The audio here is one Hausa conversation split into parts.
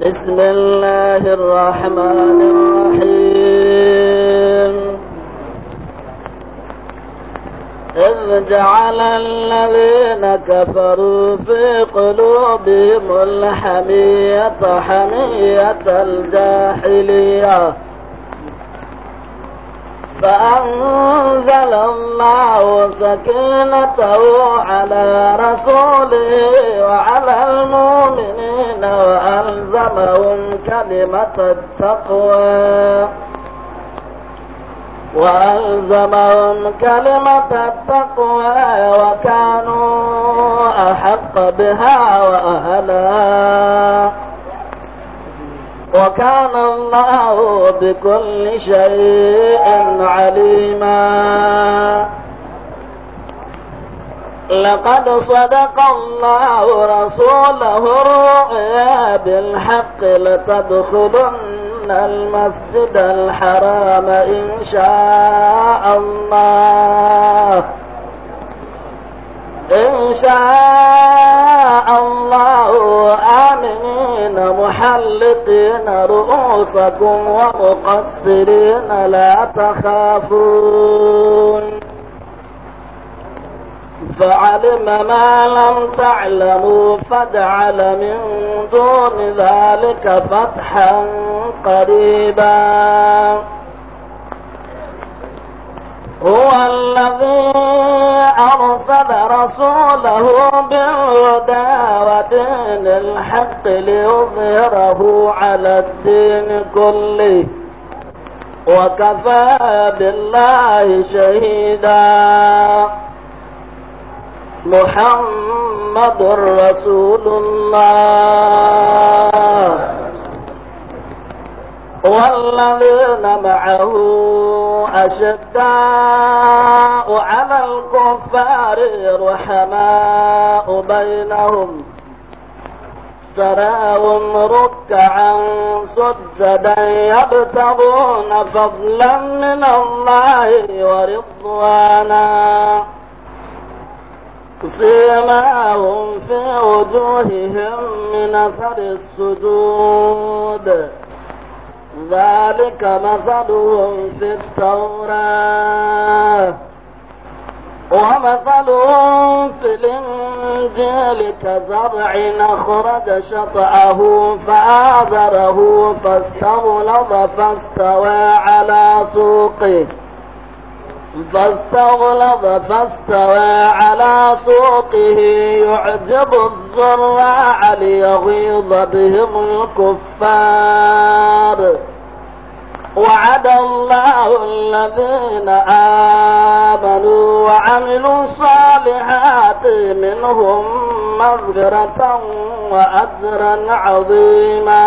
بسم الله الرحمن الرحيم إذ جعل الذين كفروا في قلوبهم الحمية حمية الجاحلية فأنزل الله سكينته على رسوله وعلى المؤمنين وألزمهم كلمة التقوى وألزمهم كلمة التقوى وكانوا أحق بها وأهلها وكان الله بكل شيء عليما لقد صدق الله رسوله الرؤيا بالحق لتدخلن المسجد الحرام إن شاء الله إن شاء الله آمنين محلقين رؤوسكم ومقصرين لا تخافون فعلم ما لم تعلموا فاجعل من دون ذلك فتحا قريبا هو الذي أرسل رسوله بالهدى ودين الحق ليظهره على الدين كله وكفى بالله شهيدا محمد رسول الله والذين معه أشداء على الكفار رحماء بينهم تراهم ركعا سجدا يبتغون فضلا من الله ورضوانا سيماهم في وجوههم من اثر السجود ذلك مثلهم في التوراة ومثلهم في الإنجيل كزرع أخرج شطأه فآذره فاستغلظ فاستوى على سوقه فاستغلظ فاستوى على سوقه يعجب الزراع ليغيظ بهم الكفار وعد الله الذين آمنوا وعملوا الصالحات منهم مغفرة وأجرا عظيما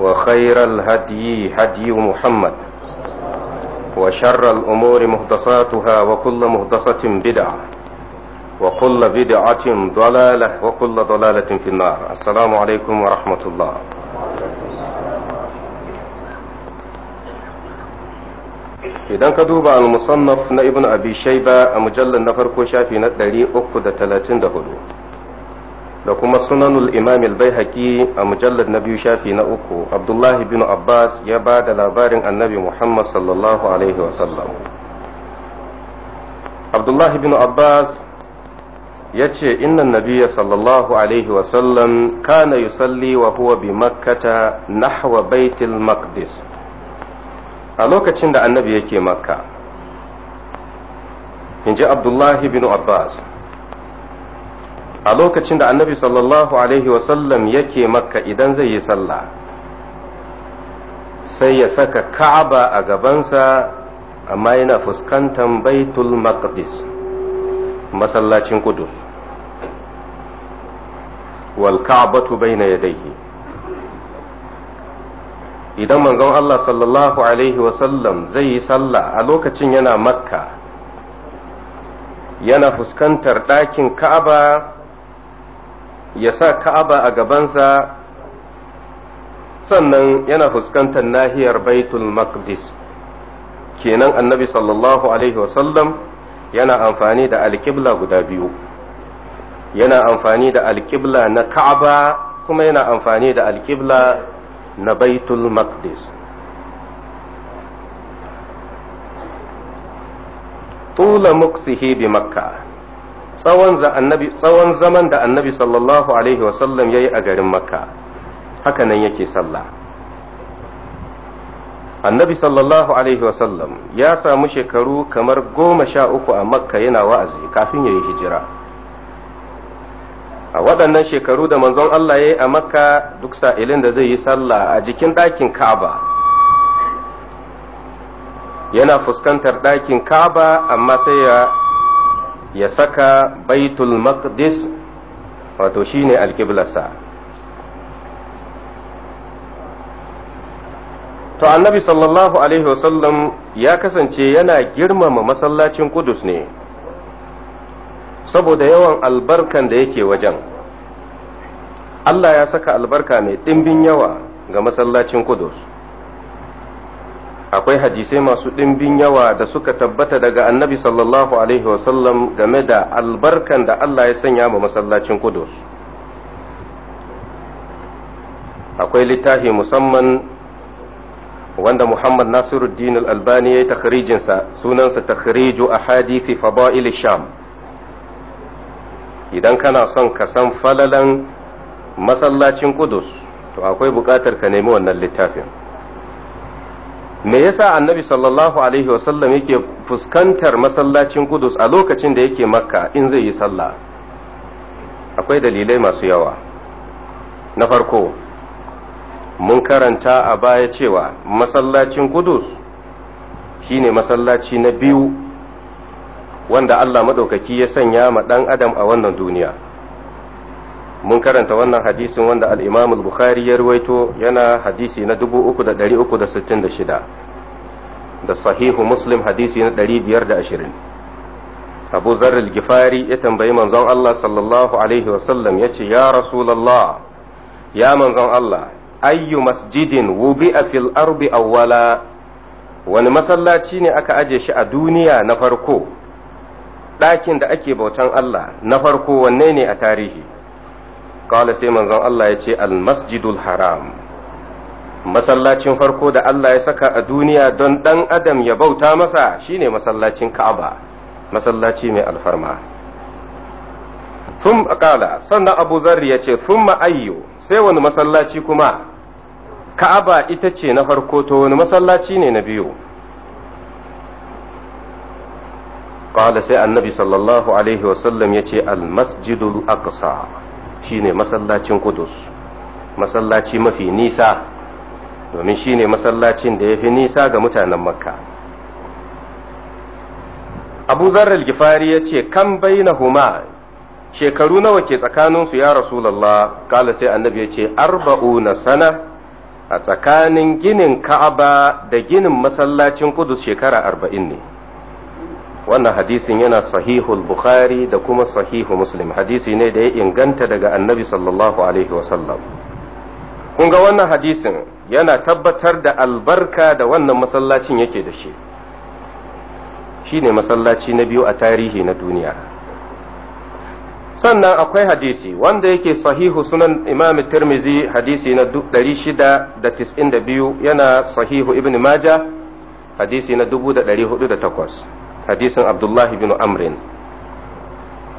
وخير الهدي هدي محمد وشر الأمور مهدساتها وكل مهدسة بدعة وكل بدعة ضلالة وكل ضلالة في النار السلام عليكم ورحمة الله إذن كدوب المصنف نائب musannaf أبي شيبة abi shayba في mujallar أكد farko shafi da kuma sunanul imam al-baihaqi a mujallad na biyu shafi na uku abdullahi bin abbas ya ba da labarin annabi muhammad sallallahu alaihi sallam. abdullahi bin abbas ya ce innan nabiya sallallahu alaihi wasallam kana yusalli wa huwa bi makkata nahwa baitil maqdis a lokacin da annabi yake makka in ji abdullahi bin abbas a lokacin da annabi sallallahu alaihi wasallam yake makka idan zai yi sallah sai ya saka ka'aba a gabansa amma yana fuskantar baitul maqdis masallacin kudus wal ka'batu ya yadayhi idan manzon Allah sallallahu alaihi wasallam zai yi sallah a lokacin yana makka yana fuskantar ɗakin ka'aba ya sa ka'aba a gabansa sannan yana fuskantar nahiyar baitul maqdis kenan annabi sallallahu alaihi wasallam yana amfani da alƙibla guda biyu yana amfani da alƙibla na ka'aba kuma yana amfani da alkibla na baitul maqdis tula muksihi bi makka tsawon zaman da annabi sallallahu alaihi wasallam ya yi a garin makka hakanan yake sallah annabi sallallahu alaihi wasallam ya samu shekaru kamar goma sha uku a makka yana wa'azi kafin ya yi hijira a waɗannan shekaru da manzon Allah ya yi a makka duk sa'ilin da zai yi sallah a jikin ɗakin ka'aba yana fuskantar ɗakin ka'aba amma sai ya ya saka baitul maqdis wato shine alkiblarsa to annabi sallallahu alaihi wasallam ya kasance yana girmama masallacin kudus ne saboda yawan albarkan da yake wajen Allah ya saka albarka mai ɗimbin yawa ga masallacin kudus akwai hadisai masu ɗimbin yawa da suka tabbata daga annabi sallallahu alaihi wasallam game da albarkan da Allah ya sanya ma masallacin kudus akwai littafi musamman wanda muhammad nasiruddin albani ya yi takharijinsa sunansa takhriju a hadithi fada'il sham idan kana son ka san falalan masallacin kudus to akwai buƙatar ka nemi wannan littafin me yasa annabi sallallahu alaihi wasallam yake fuskantar masallacin kudus a lokacin da yake makka in zai yi sallah akwai dalilai masu yawa na farko mun karanta a baya cewa masallacin kudus shine masallaci na biyu wanda allah maɗaukaki ya sanya ma ɗan adam a wannan duniya mun karanta wannan hadisin wanda al bukhari ya ruwaito yana hadisi na 3366 da sahihu Muslim hadisi na 520 Abu Zarr al-Gifari ya tambayi manzon Allah sallallahu alaihi wasallam yace ya rasulallah ya manzon Allah ayyu masjidin wubi'a fil ardi awwala wani masallaci ne aka aje shi a duniya na farko ɗakin da ake bautan Allah na farko wanne ne a tarihi kala sai manzon Allah ya ce almasjidul haram masallacin farko da Allah ya saka a duniya don ɗan adam ya bauta masa shine masallacin ka'aba masallaci mai alfarma Tun kala sannan abu zarri ya ce sun ma'ayyo sai wani masallaci kuma ka'aba ita ce na farko to wani masallaci ne na biyu قال annabi النبي صلى الله عليه وسلم يتي المسجد الأقصى Shi ne masallacin Kudus masallaci mafi nisa domin shi ne masallacin da ya fi nisa ga mutanen Makka Abu zarar Gifari ya ce kan huma, shekaru nawa ke tsakaninsu ya Rasulallah kala sai annabi ya ce na sana a tsakanin ginin Ka'aba da ginin masallacin Kudus shekara arba'in ne wannan hadisin yana sahihul bukhari da kuma sahihu muslim hadisi ne da ya inganta daga annabi sallallahu alaihi wasallam kun ga wannan hadisin yana tabbatar da albarka da wannan masallacin yake da shi shi ne masallaci na biyu a tarihi na duniya sannan akwai hadisi wanda yake sahihu sunan imam tirmizi hadisi na 692 yana sahihu ibn maja hadisi na hadisin abdullahi bin amrin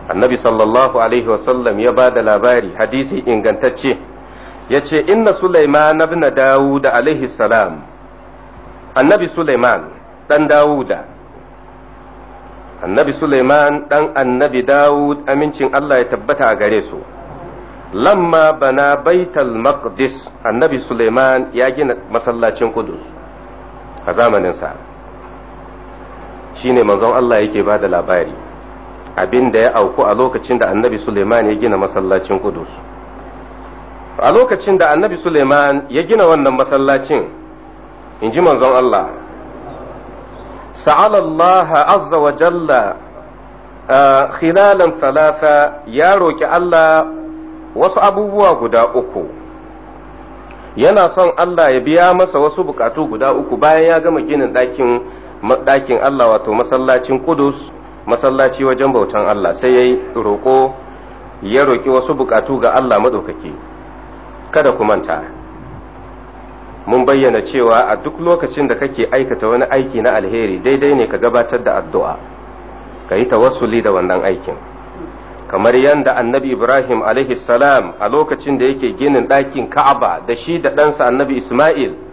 annabi sallallahu alaihi wasallam ya ba da labari hadisi ingantacce ya ce inna sulaiman ibn dawuda alaihi salam annabi sulaiman dan dawuda annabi sulaiman dan annabi dawud amincin allah ya tabbata a gare su lamma bana baital maqdis annabi Suleiman ya gina masallacin kudus a zamaninsa shine manzon Allah yake ba da labari abin da ya auku a lokacin da annabi Suleiman ya gina masallacin Kudus a lokacin da annabi Suleiman ya gina wannan masallacin in ji manzon Allah sa'alallaha azza wa jalla khilalan talafa ya roki Allah wasu abubuwa guda uku yana son Allah ya biya masa wasu bukatu guda uku bayan ya gama ginin ɗakin ɗakin Allah wato masallacin Kudus masallaci wajen bautan Allah sai ya roƙo ya roƙi wasu buƙatu ga Allah maɗaukaki kada ku manta mun bayyana cewa a duk lokacin da kake aikata wani aiki na alheri daidai ne ka gabatar da addu'a ka yi tawassuli da wannan aikin kamar yadda annabi ibrahim salam a lokacin da yake ginin ɗakin ka'aba da shi da ɗansa annabi isma'il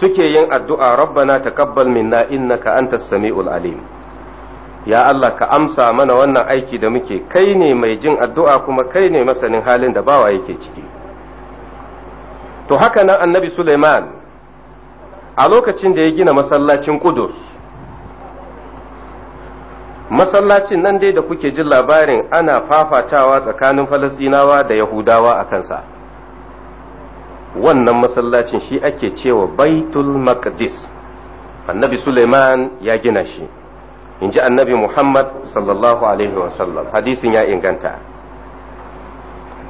suke yin addu'a rabbana takabbal minna innaka antas sami'ul alim ya Allah ka amsa mana wannan aiki da muke kai ne mai jin addu'a kuma kai ne masanin halin da bawa yake ciki to haka nan annabi Suleiman a lokacin da ya gina masallacin Kudus masallacin nan dai da kuke jin labarin ana fafatawa tsakanin Falasinawa da Yahudawa a kansa wannan masallacin shi ake cewa baitul maqdis annabi suleiman ya gina shi in ji annabi muhammad sallallahu alaihi wasallam hadisin ya inganta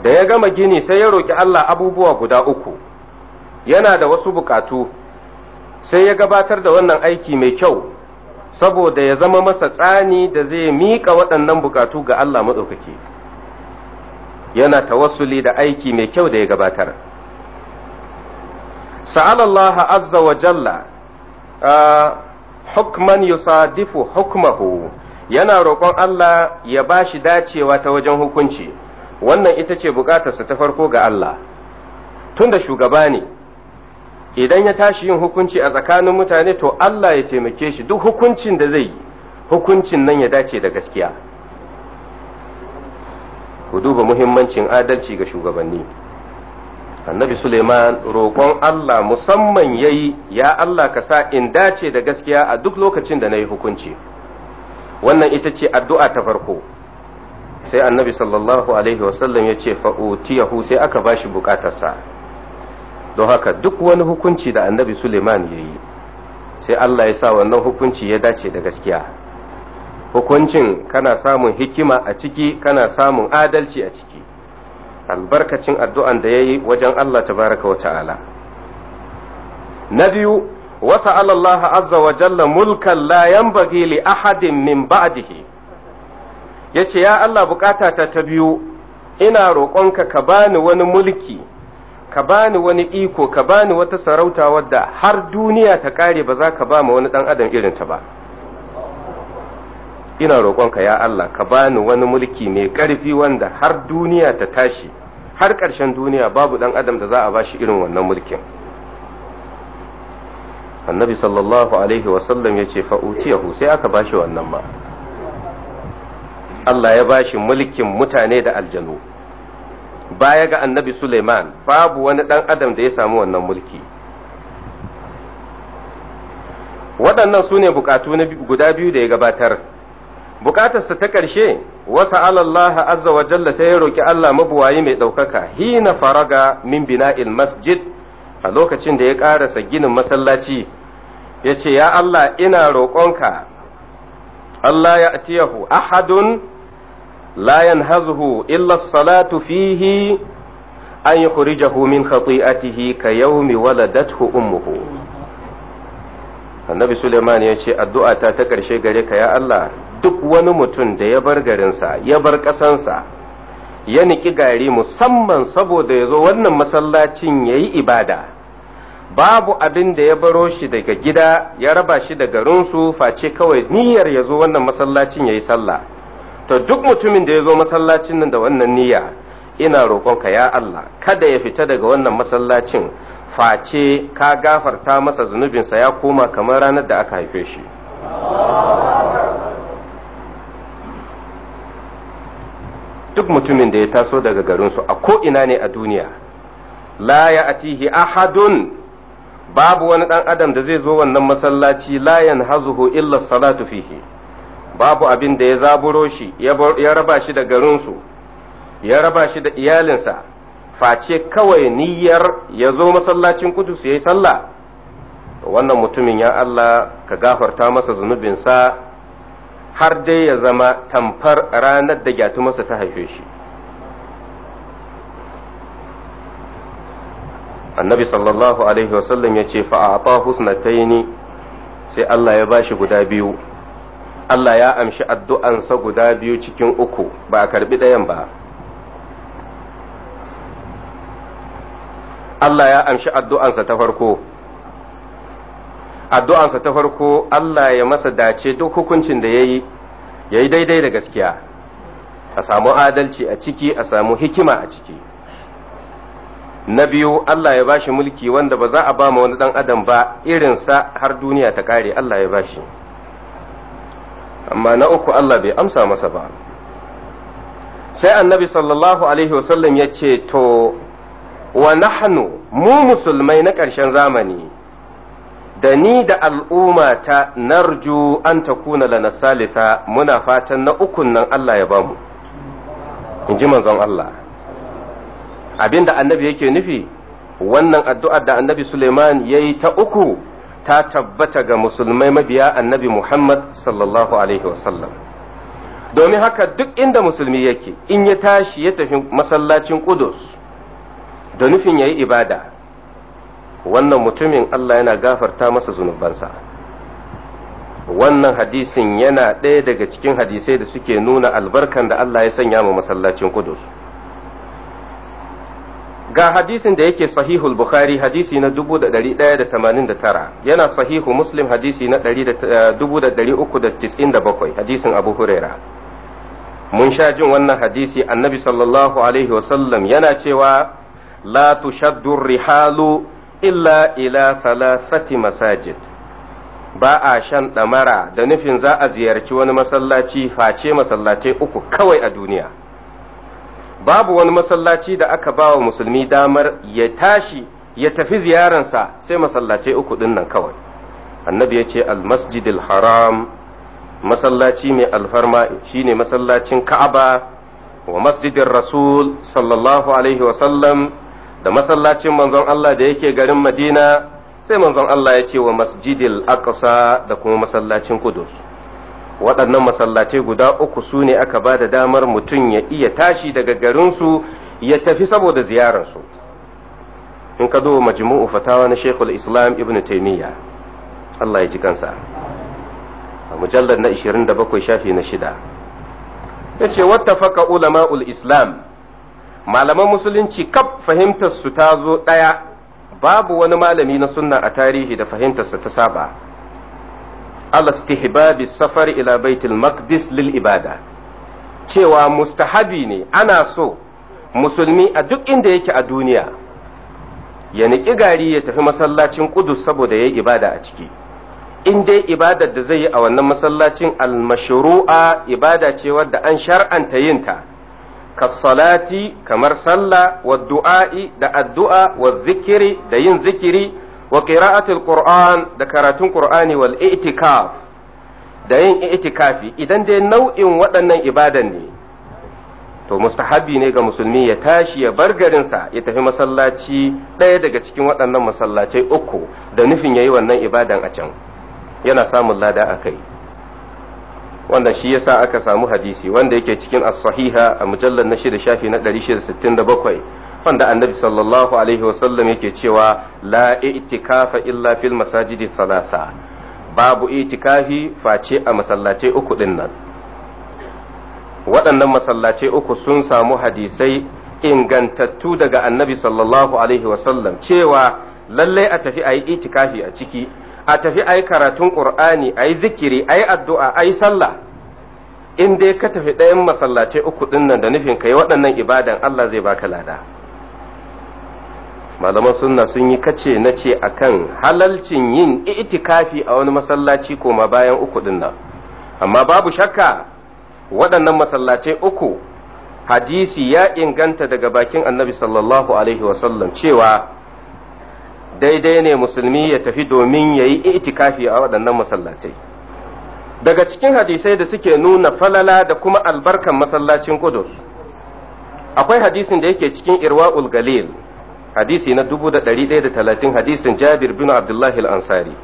da ya gama gini sai ya roƙi allah abubuwa guda uku yana da wasu bukatu sai ya gabatar da wannan aiki mai kyau saboda ya zama masa tsani da zai miƙa waɗannan bukatu ga allah maɗaukaki yana tawassuli da aiki mai kyau da ya gabatar سأل azza wa jalla حكما يصادف حكمه yana roƙon Allah ya ba shi dacewa ta wajen hukunci wannan ita ce bukatarsa ta farko ga Allah tunda shugaba ne idan ya tashi yin hukunci a tsakanin mutane to Allah ya taimake shi duk hukuncin da zai yi hukuncin nan ya dace da gaskiya ku duba muhimmancin adalci ga shugabanni annabi suleiman roƙon allah musamman ya yi ya allah ka sa in dace da gaskiya a duk lokacin da na yi hukunci wannan ita ce addu'a ta farko sai annabi sallallahu alaihi wasallam ya ce fa'utiyahu sai aka ba shi bukatarsa don haka duk wani hukunci da annabi suleiman ya yi sai allah ya sa wannan hukunci ya dace da gaskiya hukuncin kana samun hikima a ciki kana samun adalci a ciki albarkacin addu'an da ya yi wajen Allah Ta baraka wa ta'ala. Na biyu, wasa Allah azza wa jalla mulkan layan bagili ahadin min ba'dihi ya ce, Ya Allah bukata ta biyu, ina roƙonka ka bani wani mulki, ka bani wani iko, ka bani wata sarauta wadda har duniya ta ƙare ba za ka ba ma wani ɗan adam irinta ba. ina roƙonka ya Allah ka bani wani mulki mai ƙarfi wanda har duniya ta tashi har ƙarshen duniya babu ɗan adam da za a bashi irin wannan mulkin annabi sallallahu alaihi wasallam ya ce fa'utiyahu sai aka bashi wannan ma Allah ya bashi mulkin mutane da aljanu baya ga annabi Suleiman babu wani ɗan adam da ya samu wannan mulki waɗannan su ne bukatu guda biyu da ya gabatar bukatarsa ta ƙarshe wasa alallaha azza wa jalla sai ya roki Allah mabuwayi mai ɗaukaka hina faraga min bina'il masjid a lokacin da ya ƙarasa ginin masallaci ya ce ya Allah ina roƙonka Allah ya atiyahu ahadun la yanhazuhu illa salatu fihi an yukhrijahu min khati'atihi ka yaumi waladathu ummuhu annabi Suleiman ya ce addu'a ta ta ƙarshe gare ka ya Allah duk wani mutum da ya bar garinsa ya bar ƙasansa ya niki gari musamman saboda ya zo wannan masallacin ya yi ibada babu abin da ya baro shi daga gida ya raba shi da garinsu face kawai niyyar ya zo wannan masallacin ya yi sallah to duk mutumin da ya zo masallacin nan da wannan niyya ina roƙonka ya Allah kada ya fita daga wannan masallacin face ka gafarta masa zunubinsa ya koma kamar ranar da aka haife shi duk mutumin da ya taso daga garinsu a ko'ina ne a duniya la ya atihi ahadun babu wani ɗan adam da zai zo wannan masallaci la hazuhu illa salatu fihi babu abin da ya zaburo shi ya raba shi da garinsu ya raba shi da iyalinsa face kawai niyyar ya zo masallacin kudus ya yi sallah wannan mutumin ya Allah ka gafarta masa zunubinsa har dai ya zama tamfar ranar da gyatumarsa ta haife shi annabi sallallahu alaihi wasallam ya ce fa'ata husnataini sai Allah ya bashi guda biyu Allah ya amshi addu'ansa guda biyu cikin uku ba a karbi ɗayan ba Allah ya amshi addu'ansa ta farko addu'ansa ta farko Allah ya masa dace duk hukuncin da ya yi ya yi daidai da gaskiya a samu adalci a ciki a samu hikima a ciki na biyu Allah ya bashi mulki wanda ba za a ba ma wani dan adam ba irinsa har duniya ta kare Allah ya bashi amma na uku Allah bai amsa masa ba sai annabi sallallahu alaihi wasallam ya ce to wa nahnu mu musulmai na karshen zamani da ni da al'umma ta narju an ta kuna lana salisa muna fatan na ukun nan Allah ya bamu in ji manzon Allah abinda annabi yake nufi wannan addu'ar da annabi Suleiman ya yi ta uku ta tabbata ga musulmai mabiya annabi Muhammad sallallahu alaihi wasallam domin haka duk inda musulmi yake in ya tashi ya tafi masallacin Qudus da nufin ya yi ibada wannan mutumin Allah yana gafarta masa zunubansa wannan hadisin yana ɗaya daga cikin hadisai da suke nuna albarkan da Allah ya sanya mu masallacin Kudus ga hadisin da yake sahihul bukhari hadisi na 1189 yana sahihu muslim hadisi na 1397 eh, hadisin abu huraira mun sha jin wannan hadisi annabi sallallahu alaihi wasallam yana cewa la tushaddu rihalu illa ila thalathati masajid ba a shan ɗamara da nufin za a ziyarci wani masallaci face masallatai uku kawai a duniya babu wani masallaci da aka ba wa musulmi damar ya tashi ya tafi ziyaransa sai masallatai uku ɗin nan kawai annabi ya ce almasjidil haram masallaci mai alfarma shine masallacin ka'aba wa masjidin rasul sallallahu alaihi wasallam da masallacin manzon Allah da yake garin Madina sai manzon Allah ya ce wa masjidil aqsa da kuma masallacin Kudus waɗannan masallatai guda uku su ne aka ba da damar mutum ya iya tashi daga garinsu ya tafi saboda ziyararsu in ka duba majmu'u fatawa na Sheikhul Islam Ibn Taimiyya. Allah ya ji kansa a mujallar na 27 shafi na shida yace wattafaqa ulama'ul Islam malaman musulunci kaf fahimtar su ta zo ɗaya babu wani malami na sunna a tarihi da fahimtarsa ta saba alastihbabi safar ila baitul maqdis lil ibada cewa mustahabi ne ana so musulmi a duk inda yake a duniya ya niƙi gari ya tafi masallacin kudus saboda ya yi ibada a ciki in dai ibadar da zai yi a wannan masallacin al-mashru'a ibada ce wadda an shar'anta yinta kasalati kamar sallah wa du'a'i da addu'a wa zikiri da yin zikiri wa qira'atul qur'an da karatun qur'ani wal i'tikaf da yin i'tikafi idan dai nau'in waɗannan ibadan ne to mustahabi ne ga musulmi ya tashi ya bar garinsa ya tafi masallaci ɗaya daga cikin waɗannan masallacai uku da nufin yayi wannan ibadan a can yana samun lada a kai wanda shi yasa aka samu hadisi wanda yake cikin as-sahiha a mujallar na shida shafi na 667 wanda annabi sallallahu alaihi wasallam yake cewa la i'tikafa illa fil masajidi salasa babu itikafi face a masallace uku din nan waɗannan masallace uku sun samu hadisai ingantattu daga annabi sallallahu alaihi wasallam cewa lallai a tafi a yi itikafi a ciki a tafi a yi karatun ƙur'ani a zikiri a addu'a a sallah in dai ka tafi ɗayan masallace uku ɗin nan da nufin ka yi waɗannan ibadan Allah zai baka lada malaman sunna sun yi kace na ce akan halalcin yin itikafi a wani masallaci koma bayan uku ɗin nan amma babu shakka waɗannan masallace uku hadisi ya inganta daga bakin annabi sallallahu alaihi wasallam cewa daidai ne musulmi ya tafi domin ya yi itikafi a waɗannan masallatai daga cikin hadisai da suke nuna falala da kuma albarkan masallacin kudus akwai hadisin da yake cikin irwa'ul galil hadisi na talatin hadisin jabir bin abdullahi al-ansari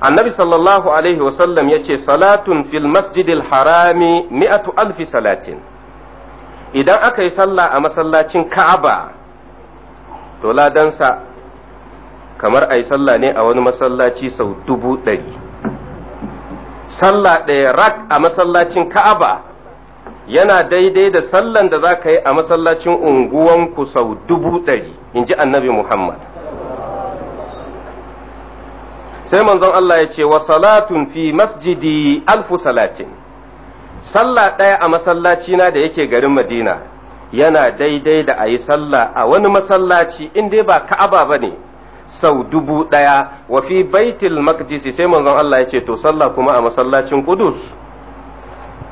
annabi sallallahu alaihi wasallam ya ce salatun fil masjidil harami mi'atu alfi salatin idan aka yi sallah a masallacin ka'aba to ladansa kamar a yi sallah ne a wani masallaci sau dubu ɗari sallah ɗaya rak a masallacin ka'aba yana daidai da sallan da za ka yi a masallacin unguwanku sau dubu ɗari in ji annabi muhammad sai manzon Allah ya ce wa salatun fi masjidi alfu salatin sallah ɗaya a masallacina da yake garin madina yana daidai da a yi sallah a wani masallaci in dai ba ka'aba ba ne sau dubu ɗaya wa fi baitul maqdis sai manzon Allah ya ce to sallah kuma a masallacin Qudus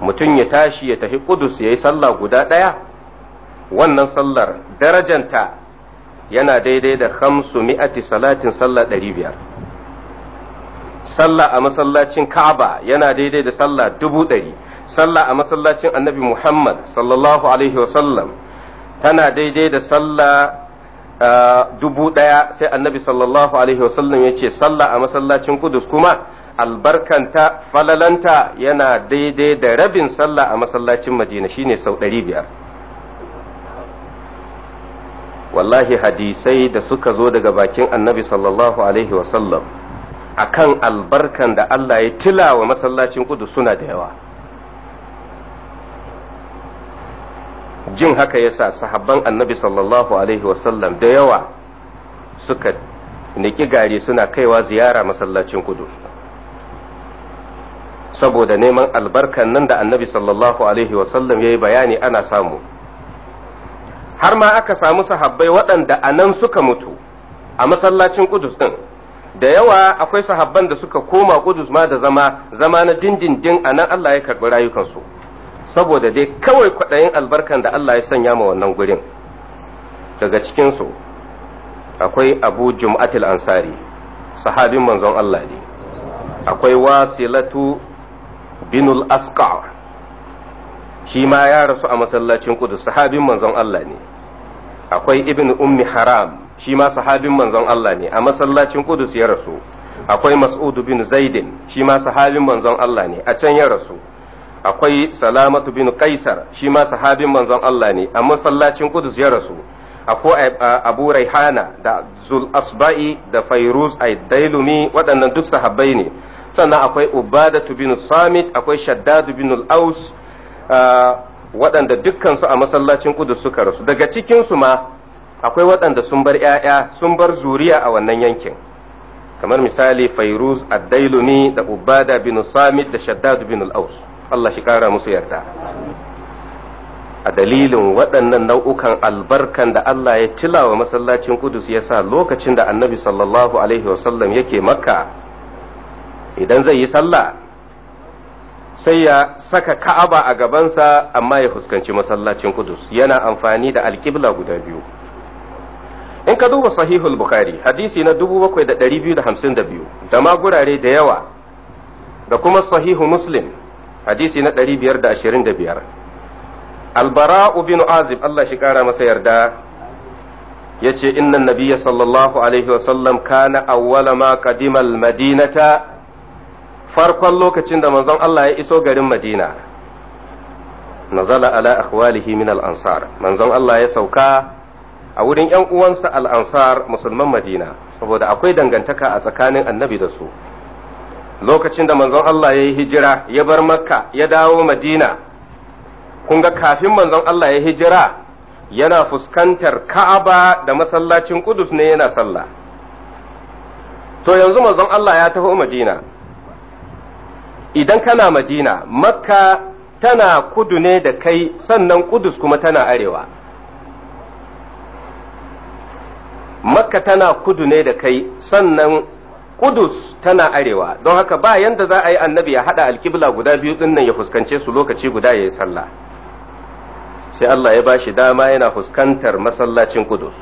mutum ya tashi ya tafi Qudus yayi sallah guda ɗaya wannan sallar darajanta yana daidai da khamsu mi'ati salatin sallah ɗari biyar sallah a masallacin Ka'aba yana daidai da sallah dubu ɗari sallah a masallacin Annabi Muhammad sallallahu alaihi wa sallam tana daidai da sallah dubu ɗaya sai annabi sallallahu alaihi wasallam ya ce sallah a masallacin kudus kuma albarkanta falalanta yana daidai da rabin sallah a masallacin madina shine sau ɗari biyar wallahi hadisai da suka zo daga bakin annabi sallallahu alaihi wasallam akan albarkan da Allah ya tilawa masallacin kudus suna da yawa jin haka yasa sahabban annabi sallallahu alaihi wasallam da yawa suka niki gari suna kaiwa ziyara masallacin kudus saboda neman albarkan nan da annabi sallallahu alaihi wasallam ya yi bayani ana samu har ma aka samu sahabbai waɗanda a nan suka mutu a masallacin kudus ɗin da yawa akwai sahabban da suka koma kudus ma da zama zama na dindindin a nan allah ya karɓi rayukansu saboda dai kawai kwaɗayin albarkan da Allah ya sanya ma wannan gurin daga cikinsu akwai abu jum'atul ansari sahabin manzon Allah ne akwai wasilatu binul asqa shi ma ya rasu a masallacin kudu sahabin manzon Allah ne akwai ibn ummi haram shi ma sahabin manzon Allah ne a masallacin kudus ya rasu akwai mas'udu bin zaidin shi ma sahabin manzon Allah ne a can ya rasu akwai salamatu bin kaisar shi ma sahabin manzon Allah ne a masallacin kudus ya rasu akwai abu raihana da zul asba'i da fairuz dailumi waɗannan duk sahabbai ne sannan akwai ubadatu bin samit akwai shaddadu bin al-aus waɗanda dukkansu a masallacin kudus suka rasu daga cikinsu ma akwai waɗanda sun bar 'ya'ya sun bar zuriya a wannan yankin kamar misali fairuz ad-dailumi da ubada bin samit da shaddadu bin al-aus Allah shi kara musu yarda a dalilin waɗannan nau'ukan albarkan da Allah ya tilawa masallacin Kudus ya sa lokacin da annabi sallallahu alaihi wasallam yake makka idan zai yi sallah sai ya saka ka'aba a gabansa amma ya fuskanci masallacin Kudus yana amfani da alkibla guda biyu in ka duba sahihul bukhari hadisi na 7252 da ma gurare da yawa da kuma sahihu muslim hadisi na ɗari biyar da da biyar, albara'u bin azib Allah shi kara masa yarda yace inna nabiyya sallallahu alaihi wasallam kana awwala ma qadima madinata farkon lokacin da manzon Allah ya iso garin Madina nazala ala akhwalihi min al-ansar manzon Allah ya sauka a wurin ‘yan uwansa al'ansar musulman Madina, saboda akwai dangantaka a tsakanin annabi da su, lokacin da manzon Allah ya yi hijira ya bar makka ya dawo madina kun ga kafin manzon Allah ya hijira yana fuskantar ka'aba da masallacin kudus ne yana sallah to yanzu manzon Allah ya taho madina idan kana madina makka tana kudu ne da kai sannan kudus kuma tana arewa makka tana kudu ne da kai sannan Kudus tana arewa don haka ba yanda za a yi annabi ya haɗa alkibla guda biyu ɗin nan ya fuskance su lokaci guda ya yi sallah sai Allah ya bashi dama yana fuskantar masallacin Kudus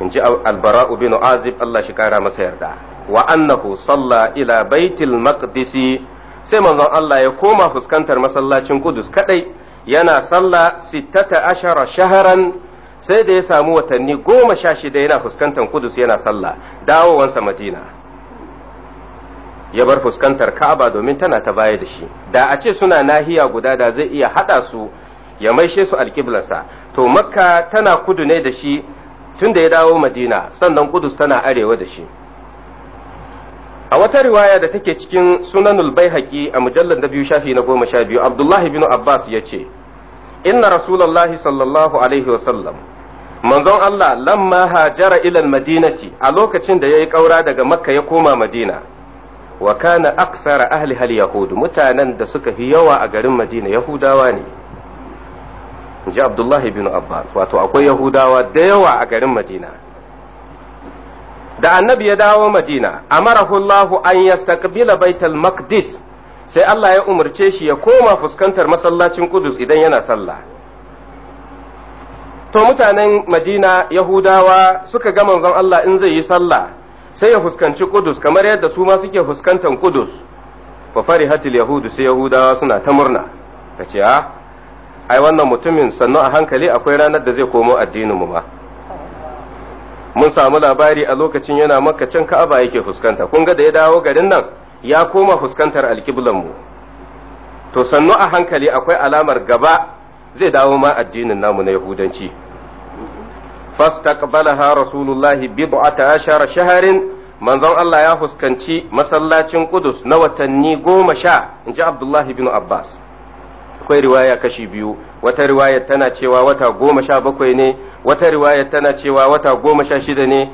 in ji albara'u bin azib Allah shi kara masa yarda wa annahu sallah ila baitil maqdisi sai manzon Allah ya koma fuskantar masallacin Kudus kadai yana sallah sittata ashara shaharan sai da ya samu watanni goma sha shida yana fuskantar kudus yana sallah dawowansa madina ya bar fuskantar ka'aba domin tana ta baya da shi da a ce suna nahiya guda da zai iya haɗa su ya maishe su alƙiblarsa to makka tana kudu ne da shi tun da ya dawo madina sannan kudus tana arewa da shi a wata riwaya da take cikin sunanul baihaqi a mujallar da biyu shafi na goma sha biyu abdullahi bin abbas ya ce inna rasulallahi sallallahu alaihi wasallam manzon Allah lamma hajara ila madinati a lokacin da yayi ƙaura daga makka ya koma madina wa kana aksara ahli hal yahudu mutanen da suka fi yawa a garin madina yahudawa ne ji abdullahi bin abbas wato akwai yahudawa da yawa a garin madina da annabi ya dawo madina amarahu allah an yastaqbila baital maqdis sai allah ya umarce shi ya koma fuskantar masallacin kudus idan yana sallah to mutanen madina yahudawa suka ga manzon Allah in zai yi sallah sai ya fuskanci kudus kamar yadda su ma suke fuskantar kudus fa farihatil yahudu sai yahudawa suna ta murna ta ce a ah, ai wannan mutumin sannu a hankali akwai ranar da zai komo addinin mu ma mun samu labari a lokacin yana makka can ka'aba yake fuskanta kun ga da ya dawo garin nan ya koma fuskantar alkiblan mu to sannu a hankali akwai alamar gaba zai dawo ma addinin namu na yahudanci fastaqbalaha rasulullahi bid'ata ashara shaharin manzon Allah ya fuskanci masallacin Qudus na watanni goma sha Inji Abdullahi bin Abbas akwai riwaya kashi biyu wata riwaya tana cewa wata goma sha bakwai ne wata riwaya tana cewa wata goma sha shida ne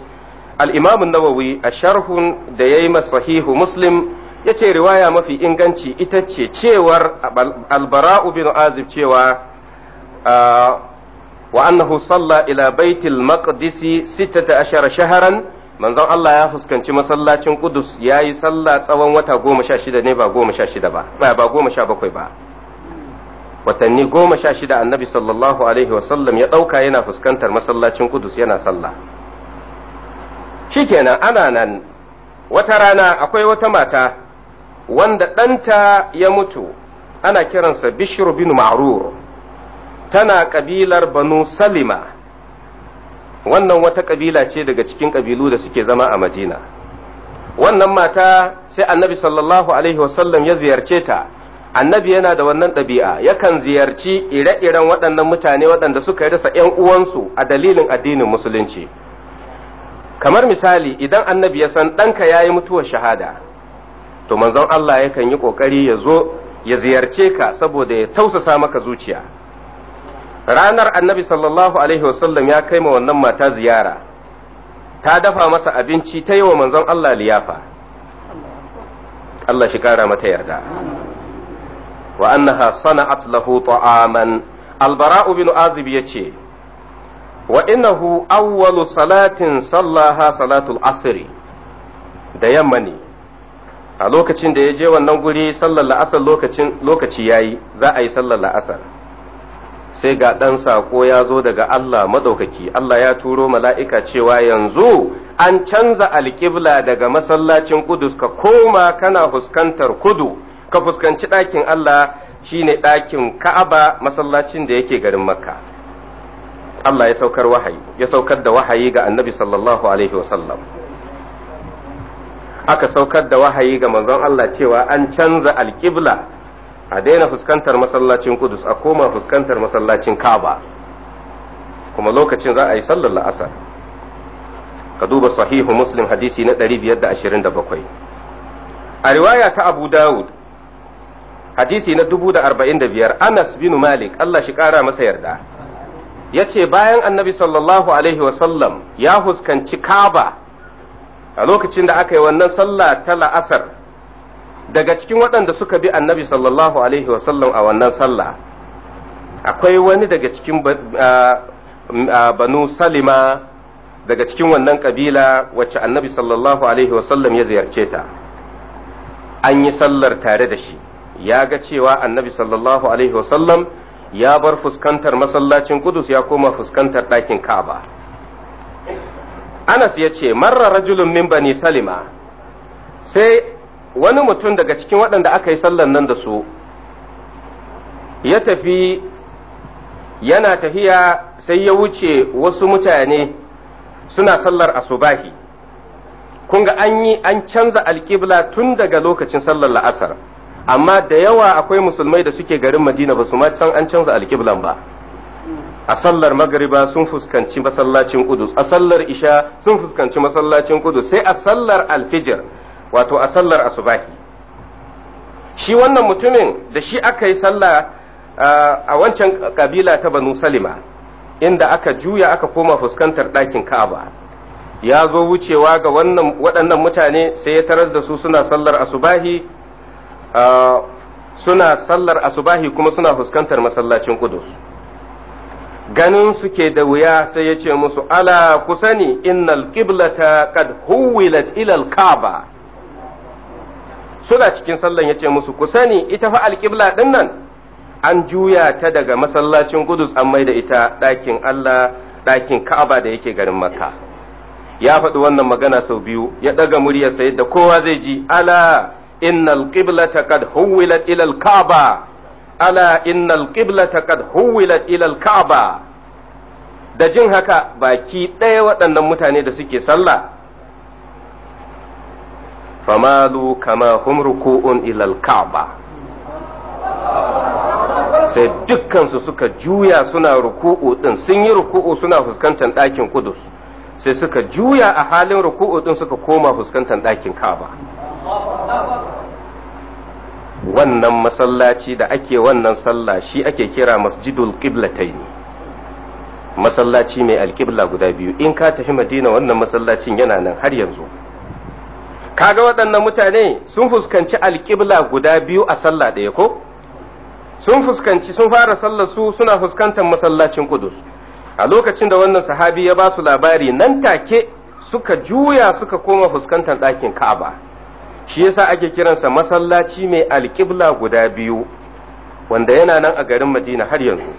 al-imam nawawi a sharhun da yayi sahihu muslim yace riwaya mafi inganci ita ce cewar albara'u bin azib cewa wa annahu salla ila baitil maqdisi sittata ashara shaharan manzon Allah ya fuskanci masallacin Qudus yayi sallah tsawon wata goma sha shida ne ba goma sha shida ba ba goma sha bakwai ba watanni goma sha shida annabi sallallahu alaihi wa sallam ya ɗauka yana fuskantar masallacin Qudus yana sallah shikenan ana nan wata rana akwai wata mata wanda danta ya mutu ana kiransa Bishru bin Ma'rur tana ƙabilar banu salima wannan wata ƙabila ce daga cikin ƙabilu da suke zama a madina wannan mata sai annabi sallallahu alaihi wasallam ya ziyarce ta annabi yana da wannan ɗabi'a yakan ziyarci ire-iren waɗannan mutane waɗanda suka rasa 'yan uwansu a dalilin addinin musulunci kamar misali idan annabi ya san ɗanka ya yi mutuwar shahada to manzon Allah yakan yi ƙoƙari ya zo ya ziyarce ka saboda ya tausasa maka zuciya ranar annabi sallallahu alaihi wasallam ya kai ma wannan mata ziyara ta dafa masa abinci ta yi wa manzon Allah liyafa Allah shi kara mata yarda wa annaha sana'at lahu ta'aman albara'u bin azib yace wa innahu awwalu salatin sallaha salatul asiri da yamma ne a lokacin da ya je wannan guri sallar la'asar lokaci yayi za a yi sallar la'asar sai ga ɗan sako ya zo daga Allah maɗaukaki Allah ya turo mala'ika cewa yanzu an canza alƙibla daga masallacin kudus ka koma kana fuskantar kudu ka fuskanci ɗakin Allah shine ɗakin ka'aba masallacin da yake garin makka Allah ya saukar wahayi ya saukar da wahayi ga annabi sallallahu alaihi wasallam aka saukar da wahayi ga manzon Allah cewa an canza alƙibla a daina fuskantar masallacin kudus a koma fuskantar masallacin kaba kuma lokacin za a yi sallar la'asar ka duba sahihu muslim hadisi na 527 a riwaya ta abu dawud hadisi na 1045 anas bin malik allah shi kara masa yarda ya ce bayan annabi sallallahu alaihi wasallam ya huskanci kaba a lokacin da aka yi wannan sallah ta la'asar daga cikin waɗanda suka bi annabi sallallahu alaihi wasallam a wannan sallah akwai wani daga cikin banu salima daga cikin wannan kabila wacce annabi sallallahu alaihi wasallam ya ziyarce ta an yi sallar tare da shi ya ga cewa annabi sallallahu alaihi wasallam ya bar fuskantar masallacin kudus ya koma fuskantar ɗakin ka'aba anas ya ce marar rajulun min bani salima sai wani mutum daga cikin waɗanda aka yi sallan nan da su ya tafi yana tafiya sai ya wuce wasu mutane suna sallar asubahi kun ga an yi an canza alƙibla tun daga lokacin sallar la'asar amma da yawa akwai musulmai da suke garin madina ba su ma can an canza alƙiblan ba a sallar magariba sun fuskanci masallacin kudus a sallar isha sun fuskanci masallacin kudus sai a sallar alfijir wato a sallar asubahi shi wannan mutumin da shi aka yi sallah a wancan kabila ta banu salima inda aka juya aka koma fuskantar ɗakin ka'aba ya zo wucewa ga waɗannan mutane sai ya taras da su suna sallar asubahi suna sallar asubahi kuma suna fuskantar masallacin kudus ganin suke da wuya sai ya ce musu ala ku sani innal qiblata qad huwilat ila al-kaaba suna cikin sallan ya ce musu ku sani ita fa alƙibla din nan an juya ta daga masallacin Qudus an mai da ita ɗakin Allah ɗakin Ka'aba da yake garin Makka ya faɗi wannan magana sau biyu ya ɗaga sai da kowa zai ji ala innal qiblata qad huwilat ila al-Ka'aba ala innal qiblata qad huwilat ila al-Ka'aba da jin haka baki ɗaya waɗannan mutane da suke sallah famalu kama hum ruku'un ilal ka'ba sai dukkansu suka juya suna ruku'u din sun yi ruku'u suna fuskantar ɗakin kudus sai suka juya a halin ruku'u din suka koma fuskantar ɗakin ka'ba wannan masallaci da ake wannan sallah shi ake kira masjidul ne, masallaci mai alƙibla guda biyu in ka tafi madina wannan masallacin yana nan har yanzu kaga waɗannan mutane sun fuskanci alƙibla guda biyu a sallah ɗaya ko sun fuskanci sun fara sallar su suna fuskantar masallacin kudus a lokacin da wannan sahabi ya ba su labari nan take suka juya suka koma fuskantar ɗakin ka'aba shi yasa ake kiransa masallaci mai alƙibla guda biyu wanda yana nan a garin madina har yanzu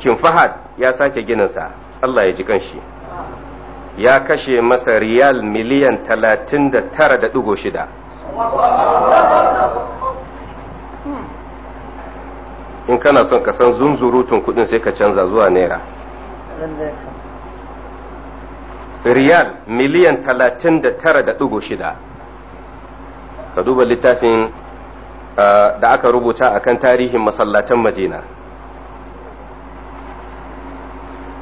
kin fahad ya sake gininsa allah ya ji kanshi ya kashe masa riyal miliyan talatin da tara da ɗigo shida in kana son ka san zunzurutun kuɗin sai ka canza zuwa naira riyal miliyan talatin da tara da ɗigo shida ka duba littafin ah, da aka rubuta akan tarihin masallatan madina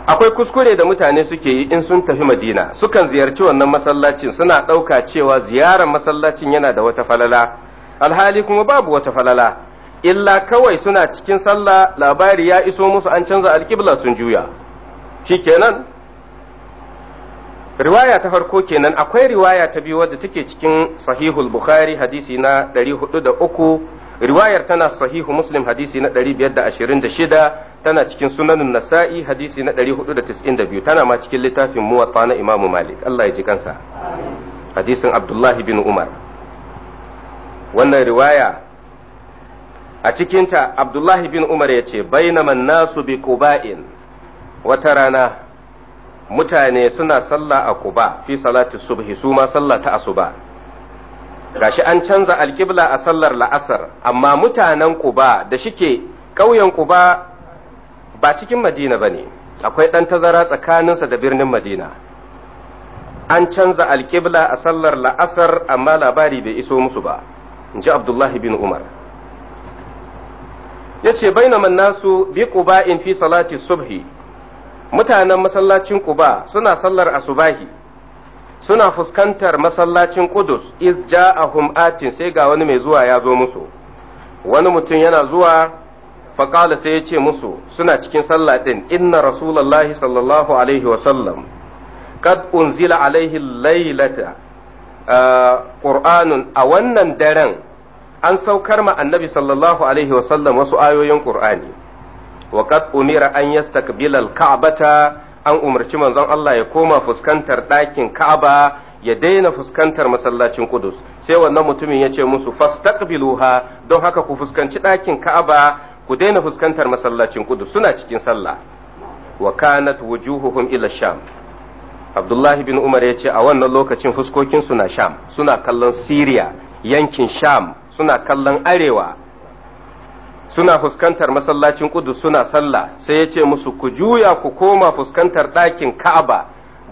akwai kuskure da mutane suke yi in sun tafi madina sukan ziyarci wannan masallacin suna ɗauka cewa ziyarar masallacin yana da wata falala alhali kuma babu wata falala illa kawai suna cikin sallah labari ya iso musu an canza alƙibla sun juya shikenan riwaya ta farko kenan akwai riwaya ta biyu wadda take cikin sahihul bukhari hadisi na 403 riwayar tana sahihu muslim hadisi na 526 tana cikin sunanun nasa'i hadisi na 492 tana ma cikin littafin muwatta na imamu malik Allah ya ji kansa hadisin abdullahi bin umar wannan riwaya a cikinta abdullahi bin umar ya ce bainaman nasu bi quba'in wata rana mutane suna sallah a kuba fi salati subhi su ma sallah ta asuba gashi an canza alkibla a sallar la'asar amma mutanen Quba da shike ƙauyen Quba ba cikin madina ba ne akwai ɗan tazara tsakaninsa da birnin madina an canza alkibla a sallar la'asar amma labari bai iso musu ba Inji ji abdullahi bin umar ya ce bainaman nasu bi in fi salati subhi mutanen masallacin Quba suna sallar asubahi suna fuskantar masallacin Qudus iz ja'ahum atin sai ga wani mai zuwa ya zo musu wani mutum yana zuwa faqala sai ya ce musu suna cikin sallah din inna rasulullahi sallallahu alaihi wa sallam kad unzila alaihi laylata qur'anun a wannan daren an saukar ma annabi sallallahu alaihi wa sallam wasu ayoyin qur'ani wa qad umira an yastakbila al-ka'bata an umarci manzon Allah ya koma fuskantar ɗakin Ka'aba ya daina fuskantar masallacin Kudus sai wannan mutumin ya ce musu fastaqbiluha don haka ku fuskanci ɗakin Ka'aba ku daina fuskantar masallacin Kudus suna cikin sallah wa kanat wujuhuhum ila sham Abdullahi bin Umar ya ce a wannan lokacin fuskokin na sham suna kallon Syria yankin sham suna kallon arewa suna fuskantar masallacin kudu suna sallah sai ya ce musu ku juya ku koma fuskantar ɗakin ka'aba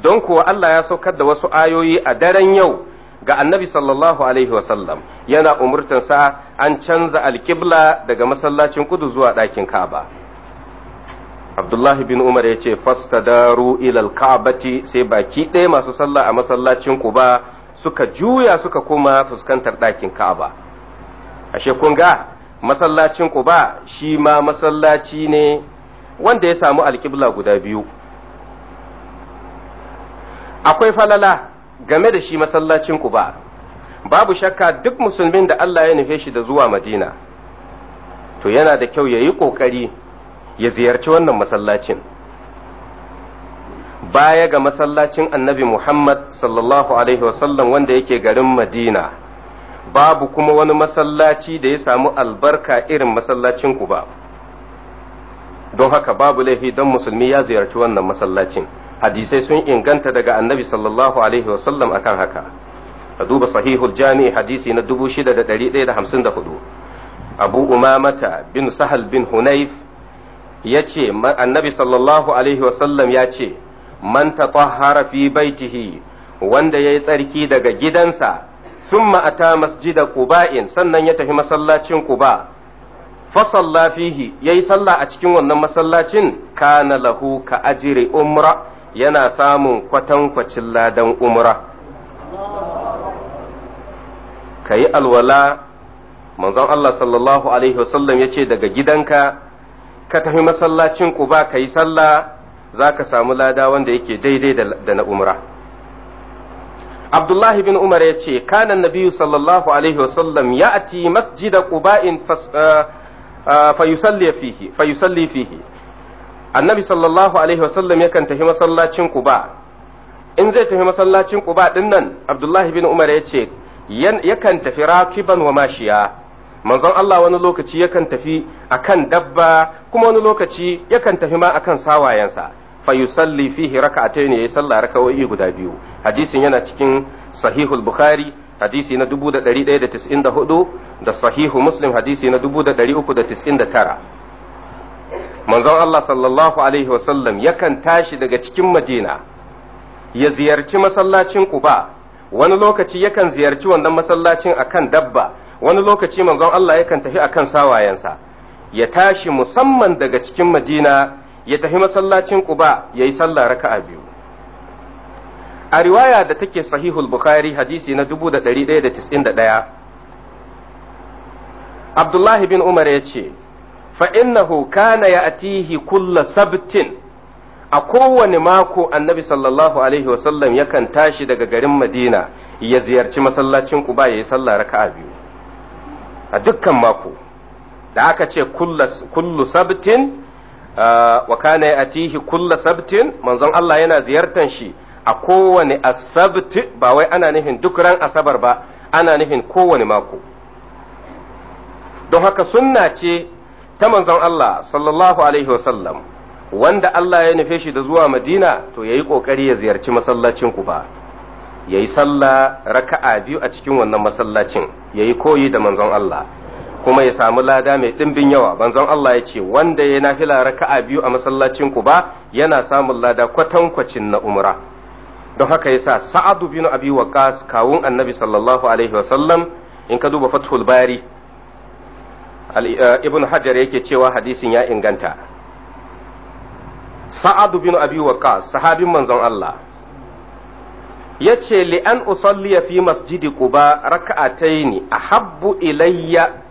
don kuwa Allah ya saukar da wasu ayoyi a daren yau ga annabi sallallahu alaihi wasallam yana umurtansa an canza alkibla daga masallacin kudu zuwa ɗakin ka'aba abdullahi bin umar ya ce daru ilal ka'abati sai baki ɗaya masu sallah a masallacin ba suka juya suka koma fuskantar ɗakin ka'aba ashe kun ga masallacin Quba shi ma masallaci ne wanda ya samu alƙibla guda biyu akwai falala game da shi masallacin Quba babu shakka duk musulmin da Allah ya nufe shi da zuwa Madina to yana da kyau ya yi ƙoƙari ya ziyarci wannan masallacin baya ga masallacin annabi Muhammad sallallahu alaihi wasallam wanda yake garin Madina babu kuma wani masallaci da ya samu albarka irin masallacinku ba don haka babu laifi don musulmi ya ziyarci wannan masallacin hadisai sun inganta daga annabi sallallahu alaihi wasallam akan haka a duba sahihul jami hadisi na 6154 abu umamata bin sahal bin hunayf ya ce annabi sallallahu alaihi wasallam ya ce man tatahhara fi baitihi wanda ya yi tsarki daga gidansa summa ata masjida quba'in sannan ya tafi masallacin quba fasallafihi. salla fihi yayi sallah a cikin wannan masallacin kana lahu ka ajri umra yana samun kwatankwacin ladan umra kayi alwala manzon Allah sallallahu alaihi wasallam yace daga gidanka ka tafi masallacin quba kayi sallah zaka samu lada wanda yake daidai da na umra Abdullahi bin Umar ya ce kana nabi sallallahu alaihi wasallam ya ati masjida quba'in fa uh, uh, yusalli fihi fa yusalli fihi annabi sallallahu alaihi wasallam yakan tafi masallacin quba in zai tafi masallacin ƙuba din nan Abdullah bin Umar ya ce yakan tafi rakiban wa mashiya manzon Allah wani lokaci yakan tafi akan dabba kuma wani lokaci yakan tafi ma akan sawayensa fa yusalli fihi ya yi sallah rakawai guda biyu hadisin yana cikin sahihul bukhari hadisi na 1194 da sahihu muslim hadisi na 1399 manzon Allah sallallahu alaihi wasallam yakan tashi daga cikin madina ya ziyarci masallacin quba wani lokaci yakan ziyarci wannan masallacin akan dabba wani lokaci manzon Allah yakan tafi akan sawayensa ya tashi musamman daga cikin madina ya tafi masallacin Quba yayi sallah raka'a biyu a riwaya da take sahihul bukhari hadisi na 1191 abdullahi bin umar ya ce fa'innahu kana yatihi atihi kulla sabtin a kowane mako annabi sallallahu alaihi wasallam yakan tashi daga garin madina ya ziyarci masallacin kuba ya yi sallah raka'a biyu a dukkan mako da aka ce kullu sabtin wa kana ya'tihi kulla sabtin manzon Allah yana ziyartan shi a kowane asabt ba wai ana nufin duk ran asabar ba ana nufin kowane mako don haka sunna ce ta manzon Allah sallallahu alaihi wasallam wanda Allah ya nufe shi da zuwa Madina to yayi kokari ya ziyarci masallacin ku ba yayi sallah raka'a biyu a cikin wannan masallacin yayi koyi da manzon Allah kuma ya samu lada mai ɗimbin yawa banzon Allah ya ce wanda ya nafila raka'a biyu a masallacin ku ba yana samun lada kwatankwacin na umra don haka yasa sa'adu bin abi waqas kawun annabi sallallahu alaihi wa sallam in ka duba fathul bari eh, ibn hajar yake cewa hadisin ya inganta sa'adu bin abi waqas sahabin manzon Allah yace li an usalliya fi masjidi quba raka'ataini ahabbu ilayya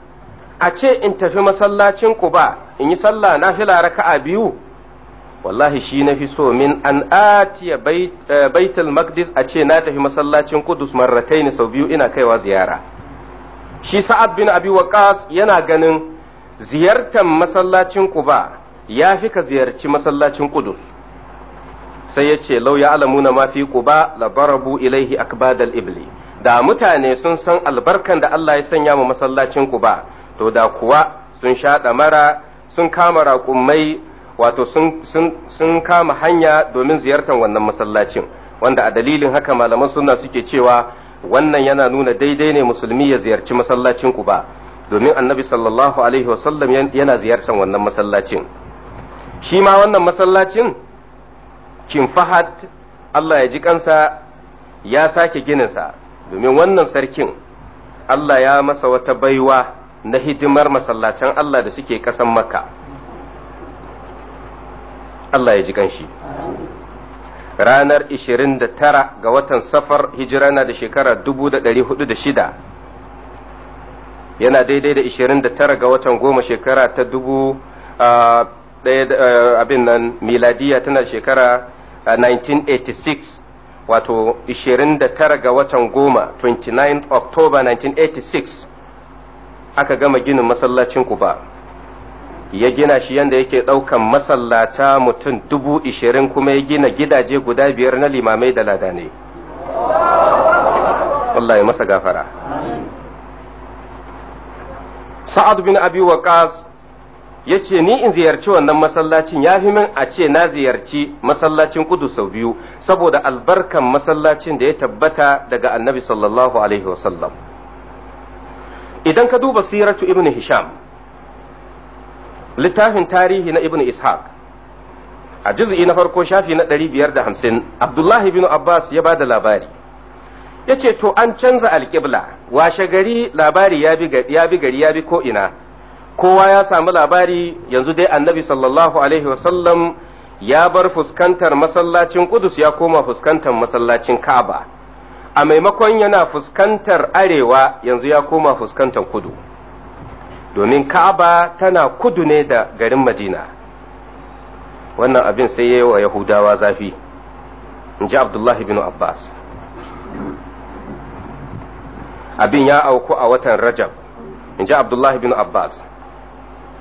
a ce in tafi masallacin ba in yi sallah na fila raka'a biyu wallahi shi na fi so min an atiya eh, baitul maqdis a ce na tafi masallacin marratai marrataini sau biyu ina kaiwa ziyara shi Sa'ad bin Abi waqas yana ganin ziyartar masallacin ba ya fi ka ziyarci masallacin Kudus. sai ya ce lau ya alamuna ma fi Quba la barabu ilaihi akbadal ibli da mutane sun san albarkan da Allah ya sanya mu masallacin ba. to da kuwa sun sha ɗamara sun kama raƙumai wato sun kama hanya domin ziyartar wannan masallacin wanda a dalilin haka malaman suna suke cewa wannan yana nuna daidai ne musulmi ya ziyarci masallacin ba domin annabi sallallahu alaihi wasallam yana ziyartar wannan masallacin shi ma wannan masallacin kin fahad Allah ya ji kansa ya sake ginin sa domin wannan sarkin Allah ya masa wata baiwa na hidimar masallacin Allah da suke ƙasan makka Allah ya ji kanshi ranar 29 ga watan safar hijira na da shekara 1406 yana daidai da 29 ga watan goma shekara ta dubu abin nan miladiya tana shekara 1986 wato 29 ga watan goma 29 october 1986 aka gama ginin masallacin ba ya gina shi yanda yake ɗaukan masallata mutum dubu ishirin kuma ya gina gidaje guda biyar na limamai da ladane. Allah ya masa gafara. Sa'ad bin Abi Waqas ya ce ni in ziyarci wannan masallacin ya fi min a ce na ziyarci masallacin kudu sau biyu saboda albarkan masallacin da ya tabbata daga annabi sallallahu alaihi wasallam. idan ka duba siratu ibn hisham littafin tarihi na ibn ishaq a juz'i na farko shafi na 550 abdullahi bin abbas ya ba da labari ya ce to an canza Alkibla. washe gari labari ya bi gari ya bi ko'ina kowa ya samu labari yanzu dai annabi sallallahu alaihi wasallam ya bar fuskantar masallacin kudus ya koma fuskantar masallacin ka'aba a maimakon yana fuskantar arewa yanzu ya koma fuskantar kudu domin ka'aba tana kudu ne da garin madina wannan abin sai ya yi wa yahudawa zafi in ji abdullahi bin abbas abin ya auku a watan rajab in ji abdullahi bin abbas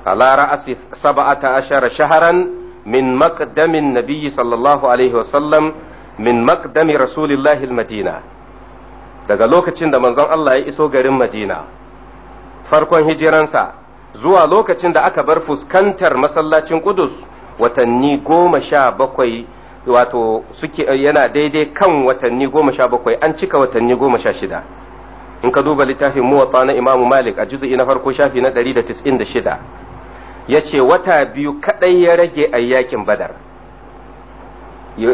a lara'asi saba'ata ashara shaharan min maqdamin nabiyyi sallallahu alaihi wasallam min maqdami rasulillahi madina daga lokacin da manzon Allah ya iso garin Madina farkon hijiransa zuwa lokacin da aka bar fuskantar masallacin Qudus watanni goma sha bakwai wato suke yana daidai kan watanni goma sha bakwai an cika watanni goma sha shida in ka duba littafin muwatta na imamu malik a juzu'i na farko shafi na ɗari ya ce wata biyu kaɗai ya rage a yakin badar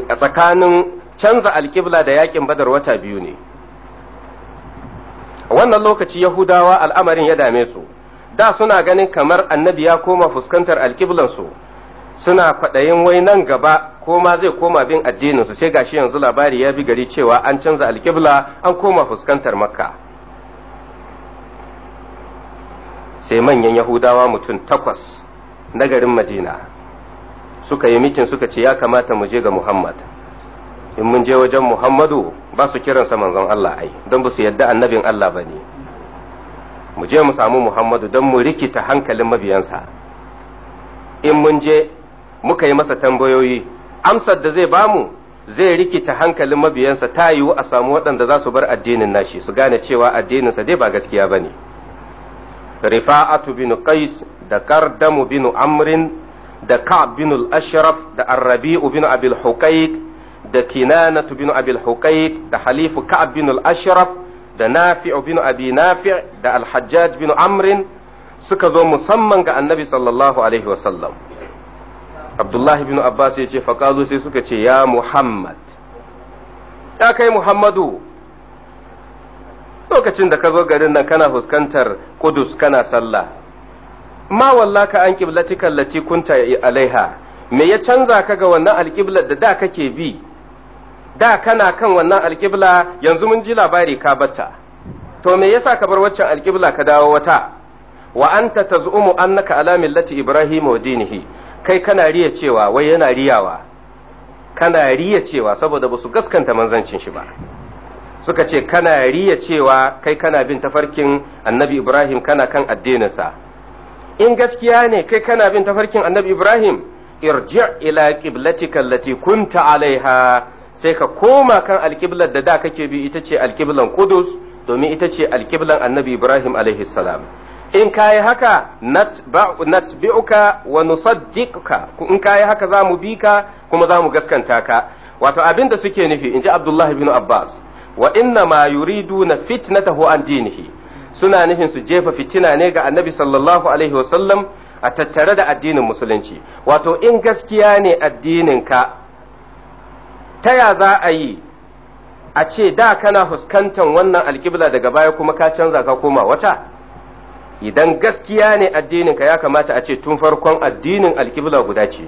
a tsakanin canza alkibla da yakin badar wata biyu ne wannan lokaci yahudawa al'amarin ya dame su da suna ganin kamar annabi ya koma fuskantar alkiblansu suna kwaɗayin wai nan gaba ko ma zai koma bin addininsu sai gashi yanzu labari ya bi gari cewa an canza alkibla an koma fuskantar makka sai manyan yahudawa mutum takwas na garin madina suka yi mitin suka ce ya kamata mu je ga muhammad in mun je wajen Muhammadu ba su kiransa manzon Allah ai don ba su yadda annabin Allah ba ne mu je mu samu Muhammadu don mu rikita hankalin mabiyansa in mun je muka yi masa tambayoyi amsar da zai bamu zai rikita hankalin mabiyansa ta yiwu a samu waɗanda za su bar addinin nashi su gane cewa addinin addininsa dai ba gaskiya ba ne rifa'atu bin qais da kardamu bin amrin da ka'ab bin al-ashraf da arrabi'u bin abil hukayk da kinana bin abil huqayt da halifu ka'ab bin al-ashraf da nafi'u bin abi nafi' da al-hajjaj bin amrin suka zo musamman ga annabi sallallahu alaihi sallam. abdullahi bin abbas ya ce faƙazo sai suka ce ya muhammad ya kai muhammadu lokacin da ka zo garin nan kana fuskantar kudus kana sallah ma wallaka an kiblatika allati kunta alaiha me ya canza ka ga wannan alkiblar da da kake bi da kana kan wannan alƙibla yanzu mun ji labari ka batta to me yasa ka bar waccan alƙibla ka dawo wata wa anta tazumu annaka ala millati ibrahim wa dinihi kai kana riya cewa wai yana riyawa kana riya cewa saboda basu gaskanta manzancin shi ba suka ce kana riya cewa kai kana bin tafarkin annabi ibrahim kana kan addininsa in gaskiya ne kai kana bin tafarkin annabi ibrahim irji' ila qiblatika allati kunta alaiha sai ka koma kan alkiblar da da kake bi ita ce alkiblan Kudus domin ita ce alkiblan Annabi Ibrahim alaihi salam in kayi haka natbi'uka wa nusaddiquka in kayi haka za mu bi ka kuma za mu gaskanta ka wato abin da suke nufi inji Abdullah ibn Abbas wa inna ma yuriduna fitnatahu an dinihi suna nufin su jefa fitina ne ga Annabi sallallahu alaihi wasallam a tattare da addinin musulunci wato in gaskiya ne addinin ka ta ya za a yi a ce da kana fuskantar wannan alkibla daga baya kuma ka canza ka koma wata idan gaskiya ne addininka ya kamata a ce tun farkon addinin alkibla guda ce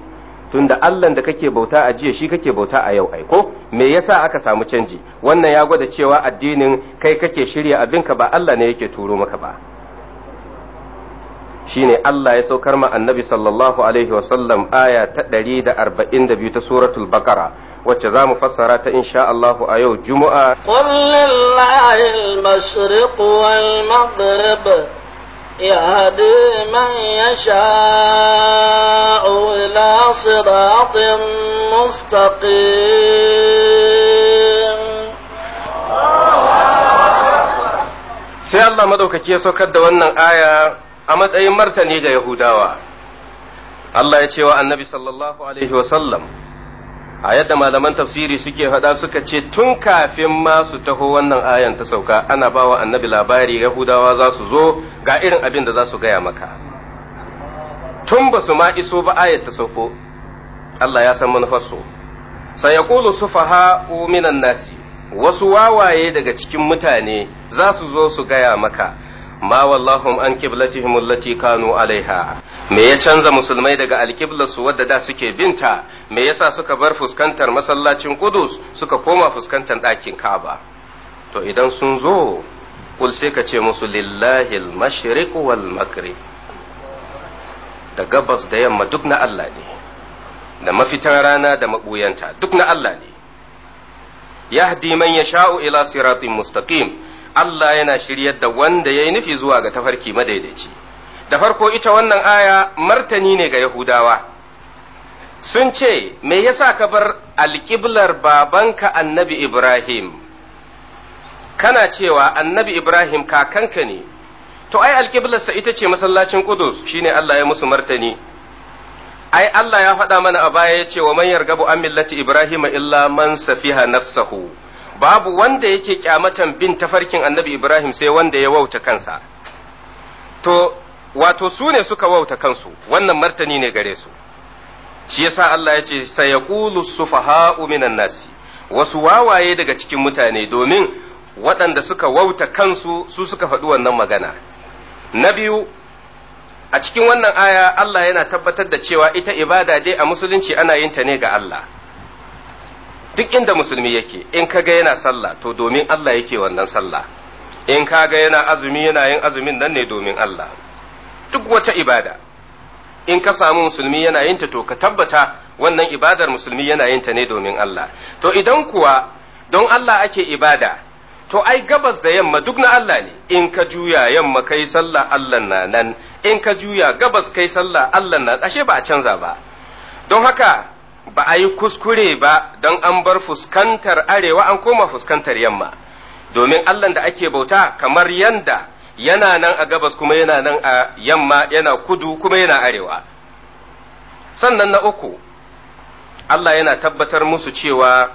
tunda Allah da kake bauta a jiya shi kake bauta a yau aiko me yasa aka samu canji wannan ya gwada cewa addinin kai kake shirya abinka ba Allah ne yake turo maka ba shine Allah ya saukar ma annabi sallallahu alaihi wasallam aya ta 142 ta suratul baqara wacce za mu fassara ta insha Allahu a yau Juma'a. Qul lillahi al-mashriq wal maghrib Sai Allah madaukaki ya saukar da wannan aya a matsayin martani ga Yahudawa. Allah ya ce wa annabi sallallahu Alaihi sallam. a yadda malaman tafsiri suke faɗa suka ce tun kafin ma su taho wannan ayan ta sauka ana bawa annabi labari yahudawa za su zo ga irin abin da za su gaya maka tun ba su ma iso ba ayat ta sauko Allah ya san manufarsu sai ya kulu sufaha minan nasi wasu wawaye daga cikin mutane za su zo su gaya maka ma wallahum an qiblatihim allati Kano alaiha me ya canza musulmai daga su wadda da suke binta me yasa suka bar fuskantar masallacin Qudus suka koma fuskantar ɗakin Ka'aba to idan sun zo kul sai ka ce musu lillahi al-mashriq wal da gabas da yamma duk na Allah ne da mafitan rana da maɓuyanta duk na Allah ne yahdi man yasha'u ila siratin mustaqim Allah yana shiryar da wanda ya yi nufi zuwa ga tafarki madaidaici da farko ita wannan aya martani ne ga Yahudawa sun ce me yasa ka bar alƙiblar babanka annabi Ibrahim kana cewa annabi Ibrahim kakanka ne to ai alƙiblarsa ita ce masallacin Qudus shine Allah ya musu martani ai Allah ya faɗa mana a baya ya ce wa man yargabu an millati Ibrahim illa man safiha nafsahu babu wanda yake kyamatan bin tafarkin annabi Ibrahim sai wanda ya wauta kansa to wato su ne suka wauta kansu wannan martani ne gare su shi yasa Allah ya ce su sufaha'u minan nasi wasu wawaye daga cikin mutane domin waɗanda suka wauta kansu su suka faɗi wannan magana na biyu a cikin wannan aya Allah yana tabbatar da cewa ita ibada dai a musulunci ana yin ta ne ga Allah duk inda musulmi yake in ka ga yana sallah to domin Allah yake wannan sallah in ka ga yana azumi yana yin azumin nan ne domin Allah duk wata ibada in ka samu musulmi yana yin ta to ka tabbata wannan ibadar musulmi yana yin ta ne domin Allah to idan kuwa don Allah ake ibada to ai gabas da yamma duk na Allah ne in ka juya yamma kai sallah Allah na nan in ka juya gabas kai sallah Allah na ashe ba a canza ba don haka ba a yi kuskure ba don an bar fuskantar arewa an koma fuskantar yamma domin Allah da ake bauta kamar yanda yana nan a gabas kuma yana nan a yamma yana kudu kuma yana arewa sannan na uku Allah yana tabbatar musu cewa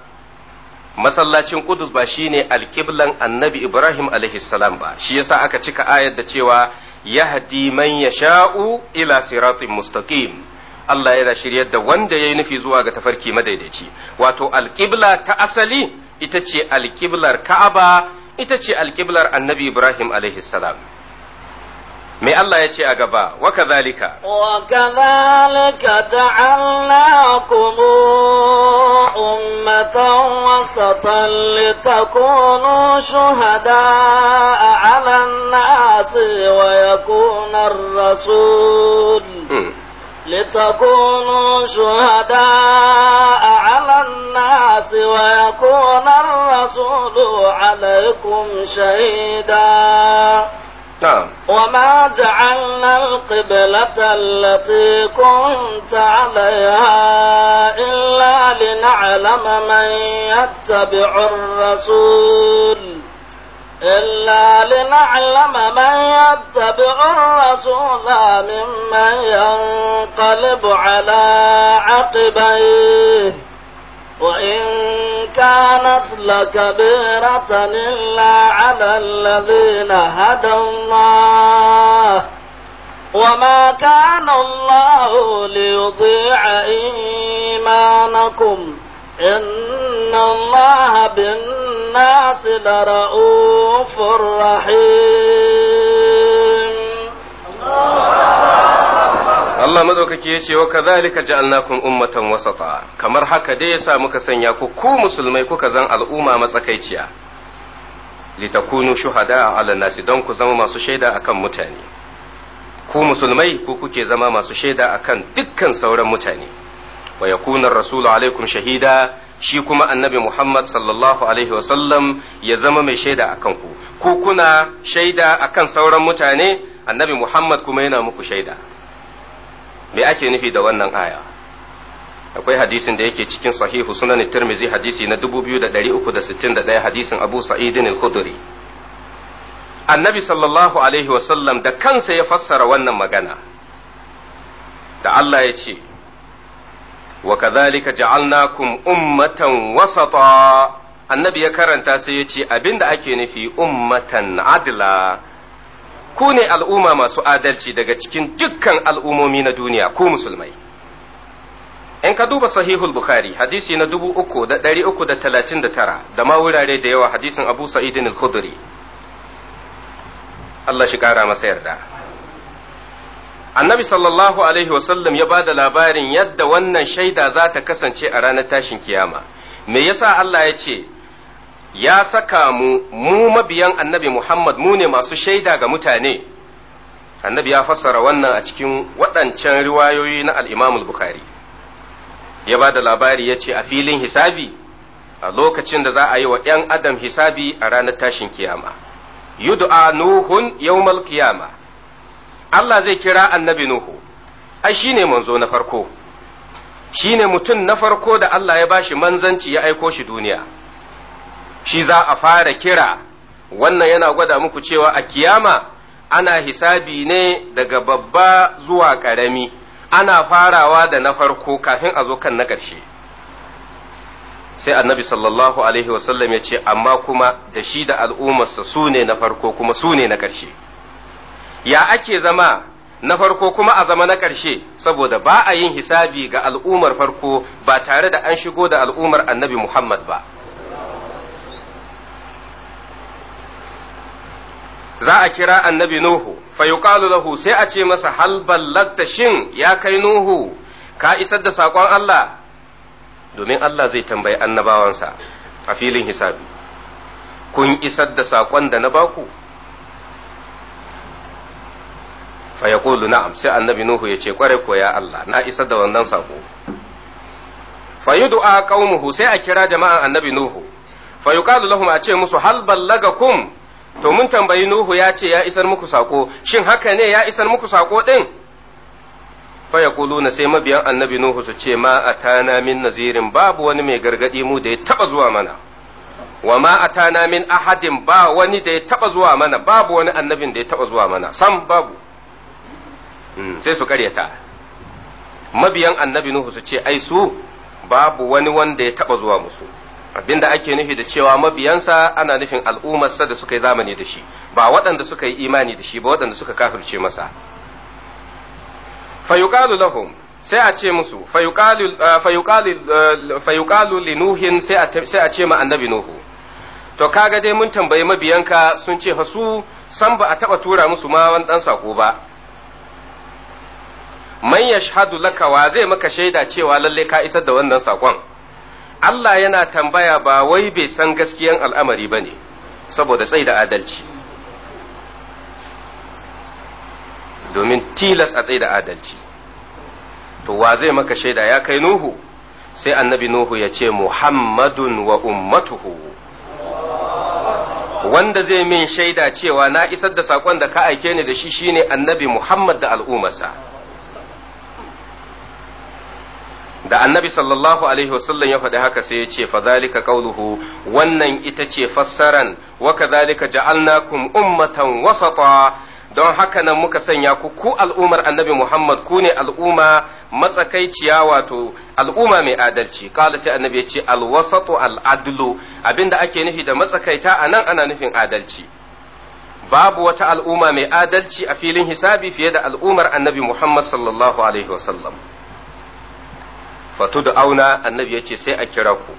masallacin Kudus ba shi ne alkiblan annabi Ibrahim salam ba shi yasa aka cika ayar da cewa yahdi man sha'u ila siratin mustaqim Allah yana shiryar da wanda ya yi nufi zuwa ga tafarki madaidaici wato alƙibla ta asali ita ce alƙiblar ka'aba ita ce alƙiblar annabi ibrahim alaihi salam me Allah ya ce a gaba wa kadhalika wa kadhalika ja'alnakum ummatan wasatan litakunu shuhada a nasi wa yakuna ar-rasul hmm. لتكونوا شهداء على الناس ويكون الرسول عليكم شهيدا نعم وما جعلنا القبلة التي كنت عليها إلا لنعلم من يتبع الرسول إلا لنعلم من يتبع الرسول ممن ينقلب على عقبيه وإن كانت لكبيرة إلا على الذين هدى الله وما كان الله ليضيع إيمانكم إن الله بالناس لرؤوف رحيم Allah madaukaki ya ce wa kazalika ja'alnakum ummatan wasata kamar haka dai yasa muka sanya ku ku musulmai kuka zan al'umma matsakaiciya litakunu shuhada ala nasi don ku zama masu shaida akan mutane ku musulmai ku kuke zama masu shaida akan dukkan sauran mutane wa yakuna rasulu alaikum shahida shi kuma annabi Muhammad sallallahu alaihi wasallam ya zama mai shaida a kanku ku kuna shaida a kan sauran mutane annabi Muhammad kuma yana muku shaida me ake nufi da wannan aya akwai hadisin da yake cikin sahihu sunan tirmizi hadisi na 2361 hadisin abu sa'idin al annabi sallallahu alaihi wasallam da kansa ya fassara wannan magana da Allah ya ce wa kadhalika ja'alnakum ummatan wasata annabi ya karanta sai ya ce abinda ake nufi ummatan adla ku ne al'umma masu adalci daga cikin dukkan al'umomi na duniya ku musulmai in ka duba sahihul bukhari hadisi na 3,339 da ma wurare da yawa hadisin abu sa'idin al-khudri Allah shi kara masa yarda annabi sallallahu alaihi wasallam ya ba da labarin yadda wannan shaida za ta kasance a ranar tashin kiyama me yasa Allah ya ce ya saka mu mu mabiyan annabi Muhammad mu ne masu shaida ga mutane annabi ya fassara wannan a cikin waɗancan riwayoyi na al-Imam bukhari ya ba da labari ya ce a filin hisabi a lokacin da za a yi wa ‘yan adam hisabi a ranar tashin kiyama yud'a nuhun yawmal kiyama Allah zai kira annabi Nuhu, ai shi ne manzo na farko, shi ne mutum na farko da Allah ya bashi manzanci ya aiko shi duniya, shi za a fara kira, wannan yana gwada muku cewa a kiyama ana hisabi ne daga babba zuwa ƙarami, ana farawa da na farko kafin a zo kan na ƙarshe. Sai annabi sallallahu Alaihi wasallam ya ce, amma kuma da shi da al'ummarsa su ne na farko kuma su ne na ƙarshe. ya ake zama na farko kuma a zama na ƙarshe saboda ba a yin hisabi ga al'ummar farko ba tare da an shigo da al'ummar annabi Muhammad ba. Za a kira annabi Nuhu, fa lahu sai a ce masa hal ballagta shin ya kai Nuhu, ka isar da saƙon Allah, domin Allah zai tambayi annabawansa a filin hisabi. Kun isar da saƙon da na baku? fa Kulu na'am sai annabi nuhu ya ce kware ko ya Allah na isa da wannan sako fa du'a qaumuhu sai a kira jama'an annabi nuhu fa yuqalu lahum a ce musu hal ballagakum to mun tambayi nuhu ya ce ya isar muku sako shin haka ne ya isar muku sako din fa na sai mabiyan annabi nuhu su ce ma atana min nazirin babu wani mai gargadi mu da ya taba zuwa mana wa ma atana min ahadin ba wani da ya taba zuwa mana babu wani annabin da ya taba zuwa mana sam babu Mm. sai su karyata mabiyan annabi nuhu su ce ai su babu wani wanda ya taba zuwa musu abinda ake nufi da cewa mabiyansa ana nufin al'ummarsa da suka yi zamani da shi ba waɗanda suka yi imani da shi ba waɗanda suka kafirce masa fayuqalu lahum sai a ce musu fayuqalu uh, uh, linuhin sai a ce ma annabi nuhu to kaga dai mun tambayi mabiyanka sun ce fa su san ba a taba tura musu ma wani dan sako ba man yashhadu laka wa zai maka shaida cewa lalle ka isar da wannan sakon Allah yana tambaya ba wai bai san gaskiyan al'amari bane saboda tsai da adalci domin tilas a tsai da adalci to wa zai maka shaida ya kai nuhu sai annabi nuhu ya ce muhammadun wa ummatuhu wanda zai min shaida cewa na isar da sakon da ka aike ni da shi shine annabi muhammad da al'ummarsa da annabi sallallahu alaihi wasallam ya faɗi haka sai ya ce fa zalika qauluhu wannan ita ce fassaran wa kadhalika ja'alnakum ummatan wasata don haka nan muka sanya ku ku al'umar annabi Muhammad ku ne al'umma matsakaiciya wato al'umma mai adalci kala sai annabi ya ce alwasatu al'adlu abinda ake nufi da matsakaita a nan ana nufin adalci babu wata al'umma mai adalci a filin hisabi fiye da al'ummar annabi Muhammad sallallahu alaihi wasallam fatu da auna annabi ya ce sai a kira ku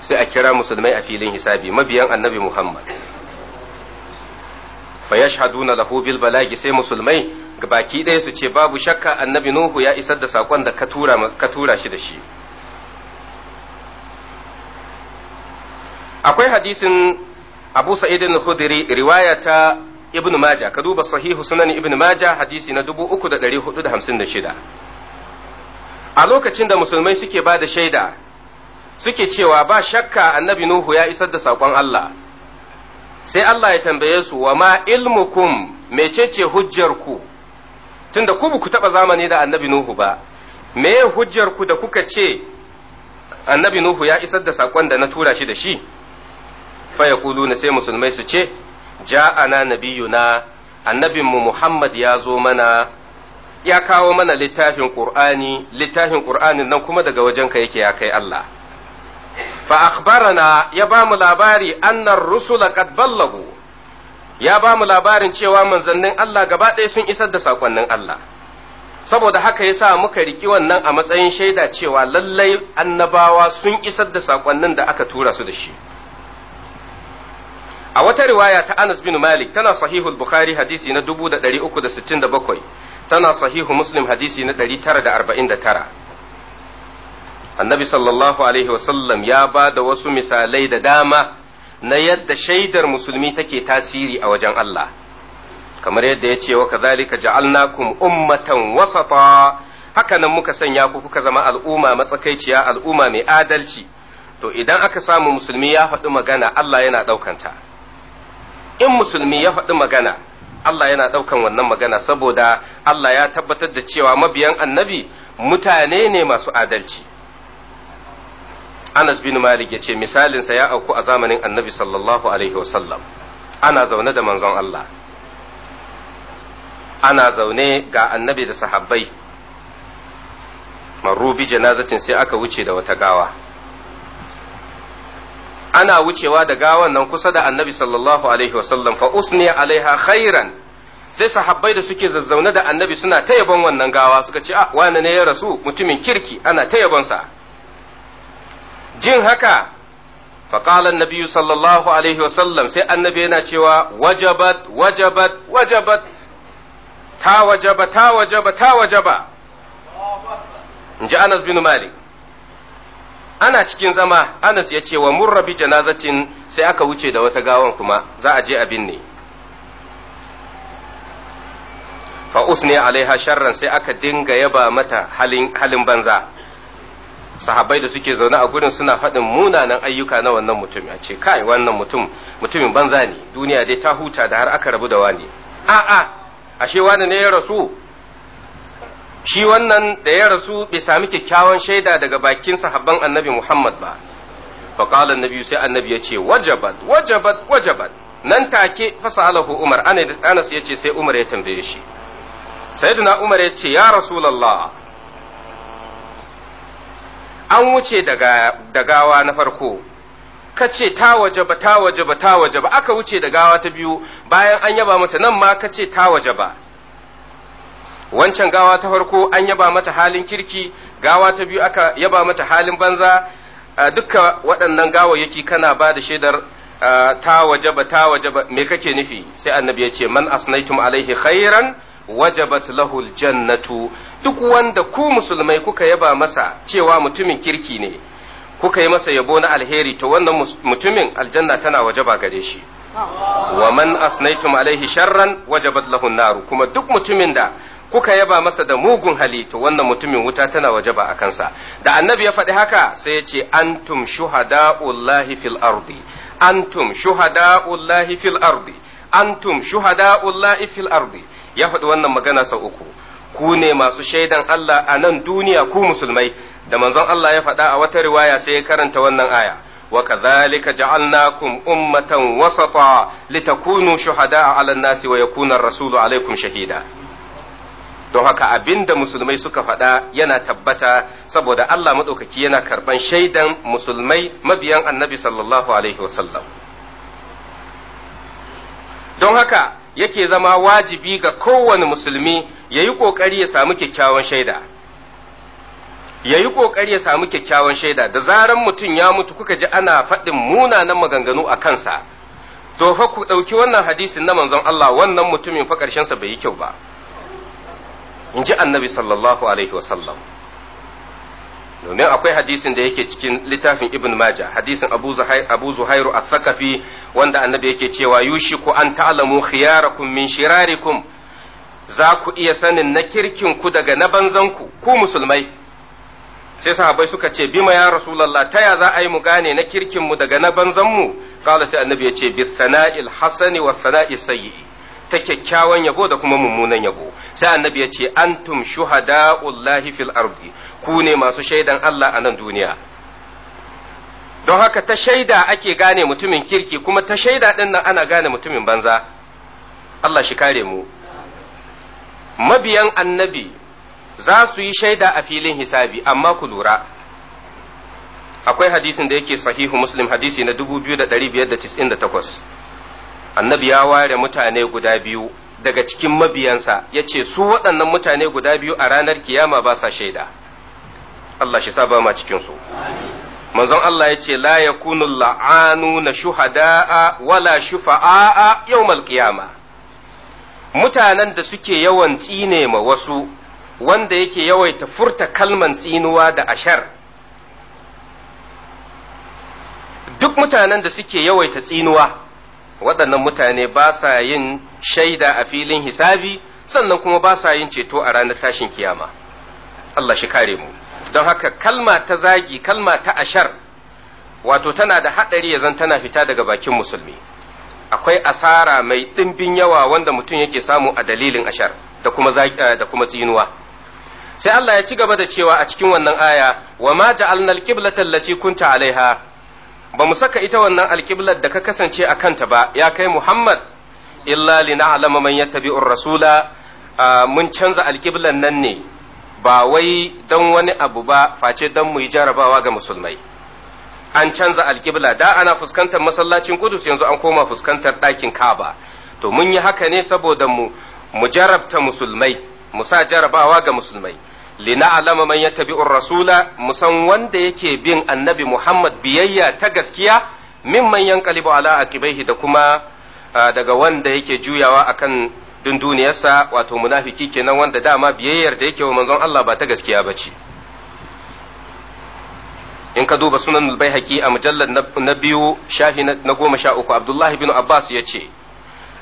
sai a kira musulmai a filin hisabi mabiyan annabi muhammad fa yashhaduna lahu bil balagi sai musulmai baki ɗaya su ce babu shakka annabi nuhu ya isar da saƙon da ka tura shi da shi akwai hadisin abu sa'id al-khudri riwaya ta ibn maja ka duba sahihu sunan ibn maja hadisi na shida. a lokacin da musulmai suke ba da shaida suke cewa ba shakka annabi Nuhu ya isar da saƙon Allah sai Allah ya tambaye su wa ma ilmukum mecece hujjarku tunda ku ku taɓa zamani da annabi Nuhu ba me hujjarku da kuka ce annabi Nuhu ya isar da saƙon da na tura shi da shi fa na sai musulmai su ce ja'ana nabiyuna mu Muhammad ya zo mana ya kawo mana littafin Qur'ani littafin Qur'anin nan kuma daga wajenka yake ya kai Allah fa akhbarana ya ba mu labari annar rusula qad ballagu ya ba mu labarin cewa manzannin Allah gaba ɗaya sun isar da sakonnin Allah saboda haka yasa muka riki wannan a matsayin shaida cewa lallai annabawa sun isar da sakonnin da aka tura su da shi a wata riwaya ta Anas bin Malik tana sahihul Bukhari hadisi na da sittin bakwai. tana sahihu muslim hadisi na 949 annabi sallallahu alaihi wasallam ya ba da wasu misalai da dama na yadda shaidar musulmi take tasiri a wajen Allah kamar yadda ya ce wa kazalika ja'alnakum ummatan wasata haka nan muka sanya ku kuka zama al'umma matsakaiciya al'umma mai adalci to idan aka samu musulmi ya faɗi magana Allah yana ɗaukanta in musulmi ya faɗi magana Allah yana ɗaukan wannan magana saboda Allah ya tabbatar da cewa mabiyan annabi mutane ne masu adalci. Anas bin Malik ya ce misalinsa ya auku a zamanin annabi sallallahu Alaihi wasallam ana zaune da manzon Allah. Ana zaune ga annabi da sahabbai, marubi janazatin sai aka wuce da wata gawa. ana wucewa da gawan nan kusa da annabi sallallahu alaihi wasallam fa usni alaiha khairan sai sahabbai da suke zazzaune da annabi suna ta yabon wannan gawa suka ce ah wani ne ya rasu mutumin kirki ana ta yabonsa jin haka faƙalan nabiyu sallallahu alaihi wasallam sai annabi yana cewa wajabat wajabat wajabat ta wajaba ta wajaba ta wajaba in ji anas bin malik ana cikin zama Anas ya ce wa murra janazatin sai aka wuce da wata gawan kuma za a je a binne fa usni alaiha sharran sai aka dinga yaba mata halin halin banza sahabbai da suke zaune a gurin suna faɗin munanan ayyuka na wannan mutum a ce kai wannan mutum mutumin banza ne duniya dai ta huta da har aka rabu da wani a'a ashe wani ne ya rasu shi wannan da ya rasu bai sami kyakkyawan shaida daga bakin sahabban annabi Muhammad ba faqala annabi sai annabi ya ce wajabat wajabat wajabat nan take fasalahu Umar Anas ya ce sai Umar ya tambaye shi sayyiduna Umar ya ce ya rasulullah an wuce da gawa na farko ka ce ta waje ba ta waje ba ta waje ba aka wuce da gawa ta biyu bayan an yaba mata nan ma ka ce ta waje ba wancan gawa ta farko an yaba mata halin kirki gawa ta biyu aka yaba mata halin banza dukka waɗannan gawayyaki kana ba da shaidar ta wajaba ta wajaba me kake nufi sai annabi ya ce man asnaitum alaihi khairan wajabat lahu jannatu duk wanda ku musulmai kuka yaba masa cewa mutumin kirki ne kuka yi masa yabo na alheri to wannan mutumin aljanna tana wajaba gare shi wa man asnaitum alaihi sharran wajabat lahu naru kuma duk mutumin da kuka yaba masa da mugun hali to wannan mutumin wuta tana wajaba a kansa da annabi ya faɗi haka sai ya ce antum shuhada'ullahi fil ardi antum shuhada'ullahi fil ardi antum shuhada'ullahi fil ardi ya faɗi wannan magana sau uku ku ne masu shaidan Allah a nan duniya ku musulmai da manzon Allah ya faɗa a wata riwaya sai ya karanta wannan aya وكذلك جعلناكم أمة وسطا لتكونوا شهداء على الناس ويكون الرسول عليكم شهيدا don haka abin da musulmai suka faɗa yana tabbata saboda Allah maɗaukaki yana karɓan shaidan musulmai mabiyan annabi sallallahu alaihi wasallam don haka yake zama wajibi ga kowane musulmi ya yi ƙoƙari ya samu kyakkyawan shaida ya yi ƙoƙari ya samu kyakkyawan shaida da zaran mutum ya mutu kuka ji ana faɗin munanan maganganu a kansa to fa ku ɗauki wannan hadisin na manzon Allah wannan mutumin fa ƙarshensa bai yi kyau ba in ji annabi sallallahu alaihi wasallam domin akwai hadisin da yake cikin littafin ibn maja hadisin abu zuhairu a thakafi wanda annabi yake cewa yushiku an ta'lamu khiyarakum min shirarikum za ku iya sanin na kirkin ku daga na banzanku ku musulmai sai sahabbai suka ce bima ya rasulullah taya za a yi mu gane na kirkinmu daga na banzanmu kala sai annabi ya ce bi sana'il hasani wa sana'i sayyi ta kyakkyawan yabo da kuma mummunan yabo sai annabi ya ce antum shuhada'ullahi fil ardi ku ne masu shaidan Allah a nan duniya don haka ta shaida ake gane mutumin kirki kuma ta shaida din ana gane mutumin banza Allah shi kare mu mabiyan annabi za su yi shaida a filin hisabi amma ku lura akwai hadisin da yake sahihu muslim hadisi na 2598 annabi ya ware mutane guda biyu daga cikin mabiyansa ya ce su waɗannan mutane guda biyu a ranar kiyama ba sa shaida Allah shi saba ma cikinsu manzon Allah ya ce la yakunu la'anu na shuhada'a wala shufa'a yawmal qiyama mutanen da suke yawan tsine ma wasu wanda yake yawaita furta kalman tsinuwa da ashar duk mutanen da suke yawaita tsinuwa waɗannan mutane ba sa yin shaida a filin hisabi sannan kuma ba sa yin ceto a ranar tashin kiyama Allah shi kare mu don haka kalma ta zagi kalma ta ashar wato tana da haɗari ya zan tana fita daga bakin musulmi akwai asara mai ɗimbin yawa wanda mutum yake samu a dalilin ashar da kuma eh, da kuma tsinuwa sai Allah ya ci gaba da cewa a cikin wannan aya wa ma ja'alnal qiblatal lati kunta alaiha ba mu saka ita wannan alƙiblar da ka kasance a kanta ba ya kai Muhammad illa li na'lama man yattabi'ur rasula mun canza alƙiblar nan ne ba wai don wani abu ba face don mu jarabawa ga musulmai an canza alƙibla da ana fuskantar masallacin Kudus yanzu an koma fuskantar ɗakin kaba. to mun yi haka ne saboda mu mu musulmai mu sa jarabawa ga musulmai Lina alama man tabi'un rasula musan wanda yake bin annabi Muhammad biyayya ta gaskiya min manyan yanqalibu ala aqibaihi da kuma ah, daga wanda yake juyawa akan dunduniyarsa wato munafiki kenan wanda dama biyayyar da yake wa manzon Allah ba ta gaskiya bace in ka duba sunan al a mujallar na biyu shafi na goma sha uku abdullahi bin abbas ya ce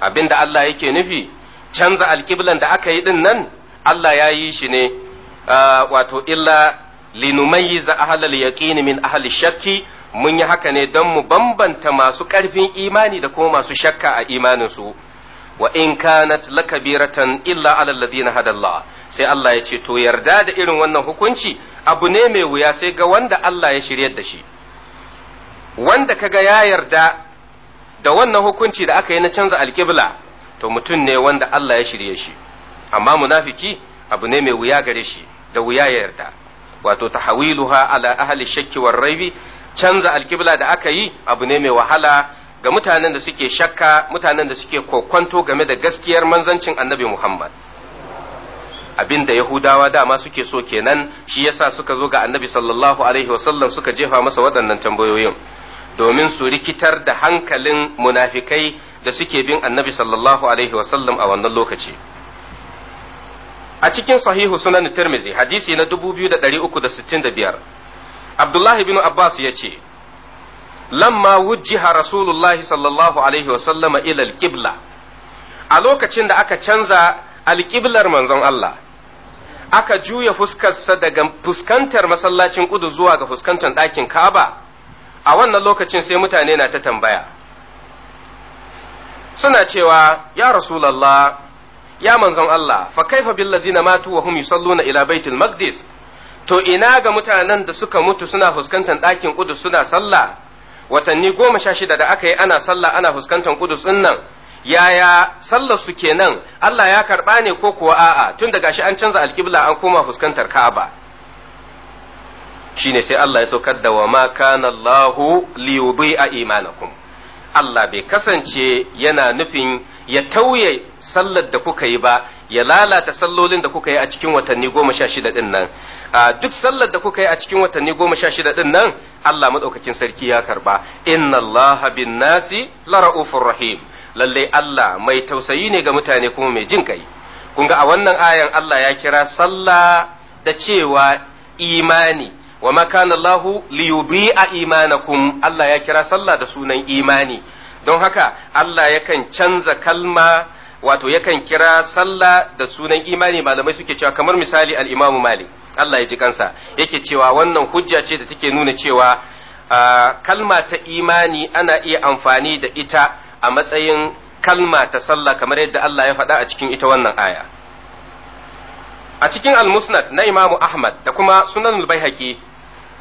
abinda Allah yake nufi canza alkiblan da aka yi din nan Allah ya yi shi ne Ah, wato illa linumayyiza ahalal yaqini min ahli shakki mun yi haka ne don mu bambanta masu ƙarfin imani da kuma masu shakka a imaninsu wa in kanat lakabiratan illa alal ladina hadallah sai Allah ya ce to yarda da irin wannan hukunci abu ne mai wuya sai ga wanda Allah ya shiryar da shi wanda kaga ya yarda da wannan hukunci da aka yi na canza alƙibla to mutum ne wanda Allah ya shirye shi amma munafiki abu ne mai wuya gare shi da wuya ya yarda wato tahawiluha ala ahli shakki war raibi canza alkibla da aka yi abu ne mai wahala ga mutanen da suke shakka mutanen da suke kokwanto game da gaskiyar manzancin annabi Muhammad abin da Yahudawa dama suke so kenan shi yasa suka zo ga annabi sallallahu alaihi wasallam suka jefa masa waɗannan tambayoyin domin su rikitar da hankalin munafikai da suke bin annabi sallallahu alaihi wasallam a wannan lokaci. a cikin sahihu sunan tirmizi hadisi na da da sittin biyar abdullahi bin abbas ya ce lamma wujjiha rasulullahi sallallahu alaihi wasallama ila alqibla a lokacin da aka canza alqiblar manzon Allah aka juya fuskarsa daga fuskantar masallacin kudu zuwa ga fuskantar ɗakin Ka'aba a wannan lokacin sai mutane na ta tambaya suna cewa ya rasulallah ya manzon Allah fa kaifa bil ladzina matu wa hum yusalluna ila baitil maqdis to ina ga mutanen da suka mutu suna fuskantar ɗakin kudus suna sallah watanni goma sha shida da aka yi ana sallah ana fuskantar kudus din nan yaya sallar su kenan Allah ya karba ne ko kuwa a'a tun da gashi an canza alƙibla an koma fuskantar Ka'aba shine sai Allah ya saukar da wa ma kana Allahu li yudhi'a imanakum Allah bai kasance yana nufin ya tauye sallar da kuka yi ba ya lalata sallolin da kuka yi a cikin watanni goma sha shida ɗin nan duk sallar da kuka yi a cikin watanni goma sha shida ɗin nan Allah maɗaukakin sarki ya karba inna Allah bin nasi rahim lallai Allah mai tausayi ne ga mutane kuma mai jin kai kun ga a wannan ayan Allah ya kira sallah da cewa imani wa ma kana Allahu liyubi'a imanakum Allah ya kira sallah da sunan imani don haka Allah yakan canza kalma wato yakan kira sallah da sunan imani malamai suke cewa kamar misali al-Imam Allah ya ji kansa yake cewa wannan hujja ce da take nuna cewa kalma ta imani ana iya amfani da ita a matsayin kalma ta sallah kamar yadda Allah ya faɗa a cikin ita wannan aya a cikin al-Musnad na imamu Ahmad da kuma Sunan al-Baihaqi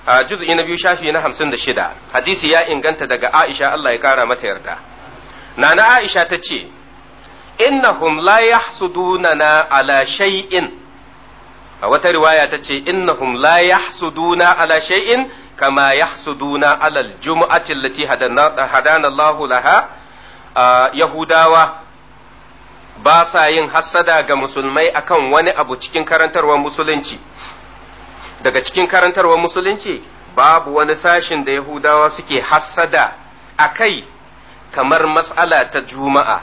a juz'i na biyu shafi na hamsin da shida hadisi ya inganta daga aisha Allah ya kara mata yarda nana aisha ta ce innahum la yahsudunana ala shay'in a wata riwaya ta ce innahum la yahsuduna ala shay'in kama yahsuduna ala aljum'ati allati hadana Allahu laha yahudawa ba sa yin hassada ga musulmai akan wani abu cikin karantarwar musulunci daga cikin karantarwar musulunci babu wani sashin da yahudawa suke hassada a kai kamar matsala ta juma'a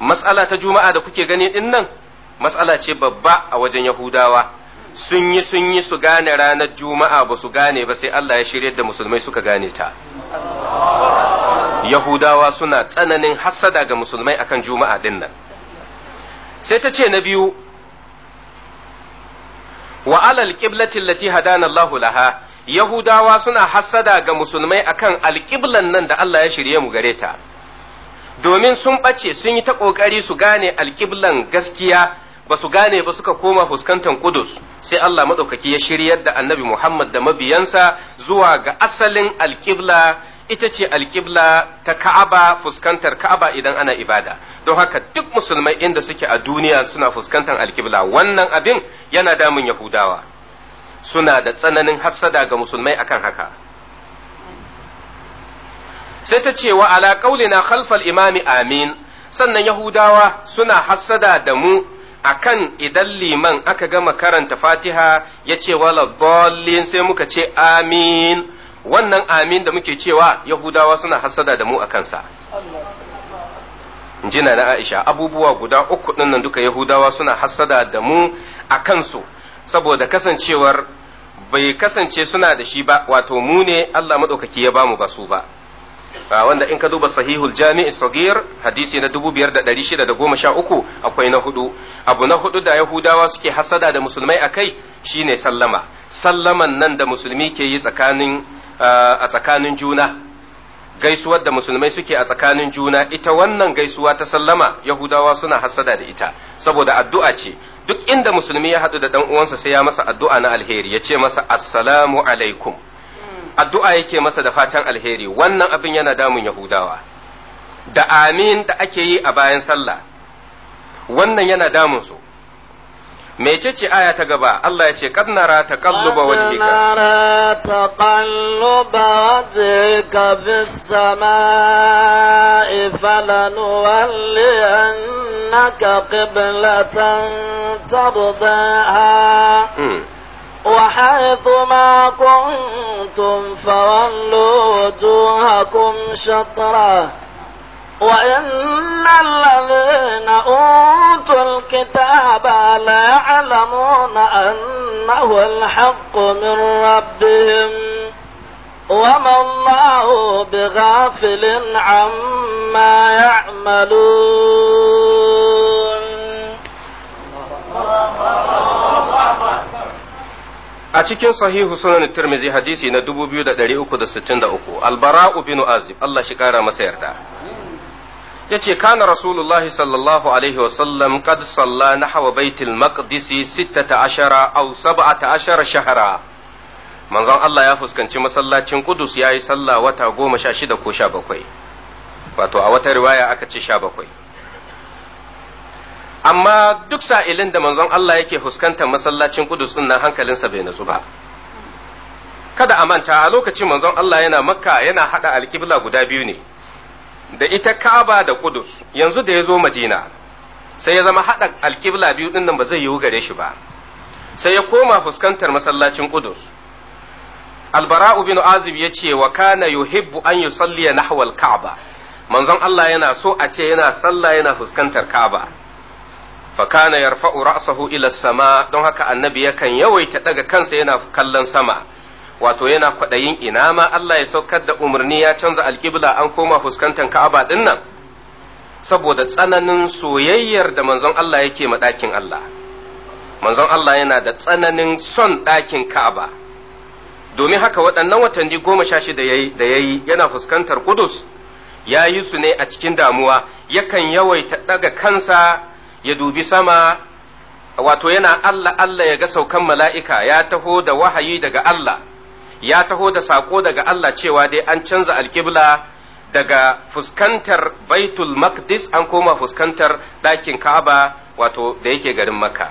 matsala ta juma'a da kuke gani din nan matsala ce babba a wajen yahudawa sun yi sun yi su gane ranar juma'a ba su gane ba sai Allah ya shirya da musulmai suka gane ta yahudawa suna tsananin hassada ga musulmai akan juma'a din nan sai ta ce na biyu wa alal qiblati allati hadana Allahu laha yahudawa suna hassada ga musulmai akan alqiblan nan da Allah ya shirye mu gare ta domin sun ɓace sun yi ta ƙoƙari su gane alqiblan gaskiya ba su gane ba suka koma fuskantar kudus sai Allah maɗaukaki ya shiryar da annabi Muhammad da mabiyansa zuwa ga asalin alƙibla ita ce alƙibla ta ka'aba fuskantar ka'aba idan ana ibada don haka duk musulmai inda suke a duniya suna fuskantar alkibla wannan abin yana damun yahudawa suna da tsananin hassada ga musulmai akan haka sai ta ce wa ala na khalfal imami amin sannan yahudawa suna hassada da mu akan idan liman aka gama karanta fatiha ya ce wala dhallin sai muka ce amin wannan amin da muke cewa yahudawa suna hassada da mu akansa jina na Aisha abubuwa guda uku nan duka Yahudawa suna hasada da mu a kansu saboda kasancewar bai kasance suna da shi ba wato mu ne Allah maɗaukaki ya bamu ba su ba wanda in ka duba sahihul jami'i sagir hadisi na 5613 akwai na hudu abu na hudu da yahudawa suke hasada da musulmai a kai shine sallama sallaman nan da musulmi ke yi tsakanin ah, a tsakanin juna gaisuwar da musulmai suke a tsakanin juna ita wannan gaisuwa ta sallama yahudawa suna hasada da ita saboda addu'a ce duk inda musulmi ya haɗu da ɗan uwansa sai ya masa addu'a na alheri ya ce masa assalamu alaikum addu'a yake masa da fatan alheri wannan abin yana damun yahudawa da amin da ake yi a bayan sallah wannan yana damun su mecece aya ta gaba Allah ya ce kad nara taqalluba wajhika nara taqalluba wajhika fis samaa'i falanuwalliyannaka qiblatan tardaha وحيث ما كنتم فولوا وجوهكم شطره وإن الذين أوتوا الكتاب لا يعلمون أنه الحق من ربهم وما الله بغافل عما يعملون a cikin sahihu sunan tirmizi hadisi na 2363 albara'u bin azib Allah shi kara masa yarda Ya ce kana rasulullahi sallallahu alaihi wasallam kad salla nahwa baitil maqdisi ashara aw ashara shahara manzon Allah ya fuskanci masallacin Qudus yayi sallah wata 16 ko 17 wato a wata riwaya aka ce 17 amma duk sa'ilin da manzon Allah yake fuskantar masallacin Qudus din nan hankalinsa bai natsu ba kada a manta a lokacin manzon Allah yana makka yana hada alkibla guda biyu ne da ita Ka'aba da ƙudus, yanzu da ya zo Madina sai ya zama haɗa alƙibla biyu ɗin nan ba zai yiwu gare shi ba sai ya koma fuskantar masallacin ƙudus. Albara'u bin Azib ya ce wa kana yuhibbu an yusalliya nahwal Ka'aba manzon Allah yana so a ce yana sallah yana fuskantar Ka'aba fa kana yarfa'u ra'sahu ila sama don haka annabi yakan yawaita daga kansa yana kallon sama wato yana kwaɗayin ina ma Allah ya saukar da umarni ya canza alƙibla an koma fuskantar Ka'aba ɗin saboda tsananin soyayyar da manzon Allah yake ma ɗakin Allah manzon Allah yana da tsananin son ɗakin Ka'aba domin haka waɗannan watanni goma sha shida da ya yi yana fuskantar Kudus ya yi su ne a cikin damuwa yakan yawaita ɗaga kansa ya dubi sama wato yana Allah Allah ya ga saukan mala'ika ya taho da wahayi daga Allah ya taho da sako daga Allah cewa dai an canza alƙibla daga fuskantar baitul maqdis an koma fuskantar ɗakin ka'aba wato da yake garin makka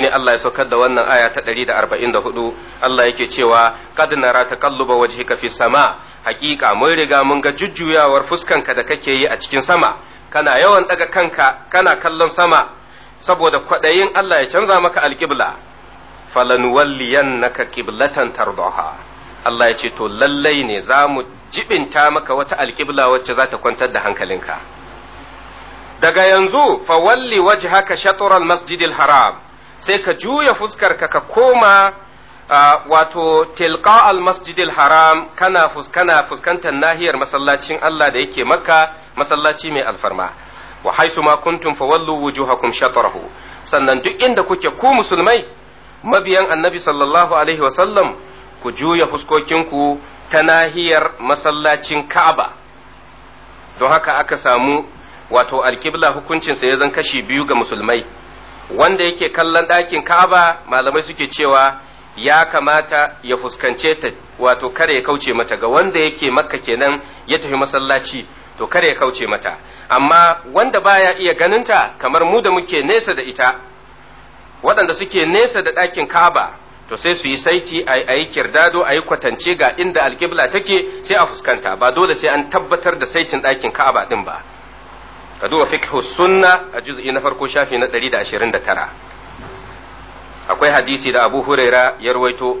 ne Allah ya saukar da wannan aya ta 144 Allah yake cewa qad nara taqalluba wajhika fi sama Hakika, mun riga mun ga jujjuyawar fuskanka da kake yi a cikin sama kana yawan daga kanka kana kallon sama saboda kwaɗayin Allah ya canza maka alƙibla falanuwalliyannaka qiblatan tardaha Allah ya ce to lallai ne za mu jibinta maka wata alƙibla wacce za ta kwantar da hankalinka daga yanzu fa walli haka shatr al-masjidil haram sai ka juya fuskarka ka koma wato tilqa al-masjidil haram kana fuskana fuskantar nahiyar masallacin Allah da yake maka masallaci mai alfarma wa haisu ma kuntum fa wujuhakum shatrahu sannan duk inda kuke ku musulmai mabiyan annabi sallallahu alaihi wasallam ku juya fuskokinku ta nahiyar masallacin ka'aba don haka aka samu wato alkibla hukuncinsa ya zan kashi biyu ga musulmai wanda yake kallon ɗakin ka'aba malamai suke cewa ya kamata ya fuskance ta wato kare ya kauce mata ga wanda yake makka kenan ya tafi masallaci to kare ya kauce mata amma wanda baya iya ganinta kamar mu da muke nesa da ita waɗanda suke nesa da ɗakin Kaba to sai su yi saiti a yi kirdado a yi kwatance ga inda alƙibla take sai a fuskanta ba dole sai an tabbatar da saitin ɗakin Kaba ɗin ba ka duba fiqh sunna a juz'i na farko shafi na 129 akwai hadisi da Abu Huraira ya rawaito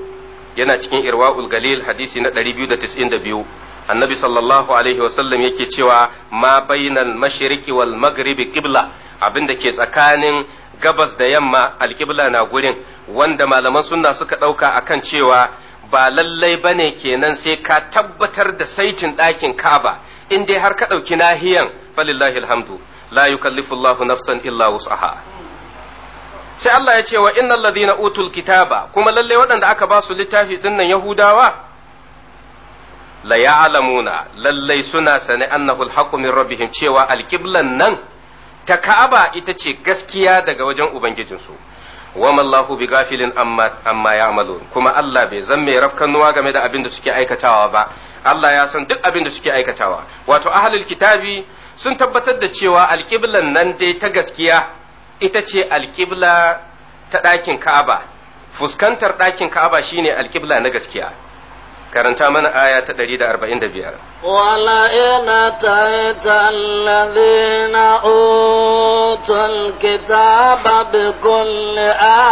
yana cikin Irwaul Galil hadisi na 292 annabi sallallahu alaihi wasallam yake cewa ma bainal mashriqi wal maghribi qibla abinda ke tsakanin gabas da yamma alkibla na gurin wanda malaman sunna suka ɗauka akan cewa ba lallai bane kenan sai ka tabbatar da saitin ɗakin kaba in dai har ka ɗauki nahiyan falillahi alhamdu la yukallifu Allahu nafsan illa wus'aha sai Allah ya ce wa innal ladina utul kitaba kuma lallai waɗanda aka ba su littafi dinnan yahudawa la ya'lamuna lallai suna sane annahu alhaqqu min rabbihim cewa alqiblan nan ta Ka'aba ita ce gaskiya daga wajen Ubangijinsu. Wa mallahu bi gafilin amma ya'malun kuma Allah bai zan mai rafkanuwa game da abin da suke aikatawa ba. Allah ya san duk abin da suke aikatawa. Wato ahlul kitabi sun tabbatar da cewa alƙiblan nan dai ta gaskiya ita ce alƙibla ta ɗakin Ka'aba. Fuskantar ɗakin Ka'aba shine alƙibla na gaskiya. karanta mana aya ta 145 wala ina ta alladhina utul kitaba bi kulli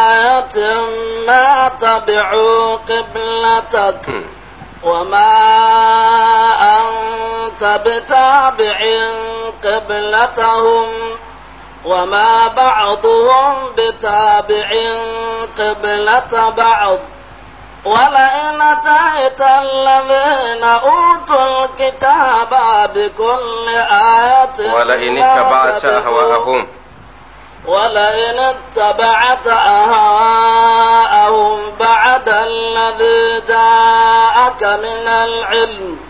ayatin ma tabi'u qiblatak وما أنت بتابع قبلتهم وما بعضهم bitabi'in قبلة بعض ولئن أتيت الذين أوتوا الكتاب بكل آية ولئن اتبعت أهواءهم ولئن اتبعت أهواءهم بعد الذي جاءك من العلم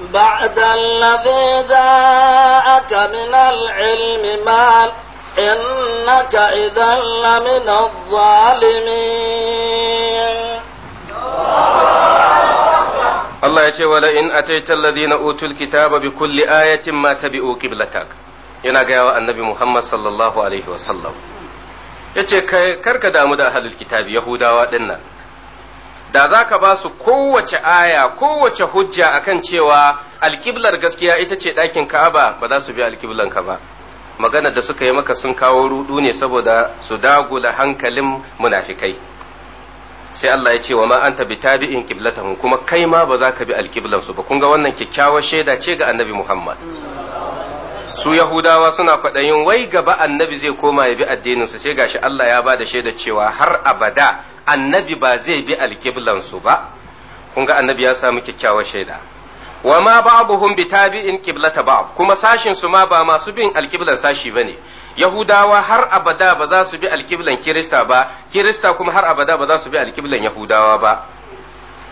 بعد الذي جاءك من العلم ما إنك إذا لمن الظالمين Allah ya ce wala in ataita alladhina utul kitaba bi kulli ayatin ma tabi'u qiblatak yana ga yawa annabi Muhammad sallallahu alaihi wasallam yace kai ka damu da ahlul kitabi yahudawa dinnan da zaka ba su kowace aya kowace hujja akan cewa alkiblar gaskiya ita ce ɗakin Ka'aba ba za su bi alkiblar ka ba maganar da suka yi maka sun kawo rudu ne saboda su dagula hankalin munafikai sai Allah ya ce wa ma anta tabi'in qiblatahum kuma kai ma ba za ka bi alqiblan su ba kun ga wannan kyakkyawar shaida ce ga annabi Muhammad su Yahudawa suna kwaɗayin wai gaba annabi zai koma ya bi addinin su sai gashi Allah ya ba da shaida cewa har abada annabi ba zai bi alqiblan su ba kun ga annabi ya samu kyakkyawar shaida wa ma ba'dhum tabi'in qiblata ba'd kuma sashin su ma ba masu bin alqiblan sashi bane yahudawa har abada ba za su bi alqiblan kirista ba kirista kuma har abada ba za su bi alqiblan yahudawa ba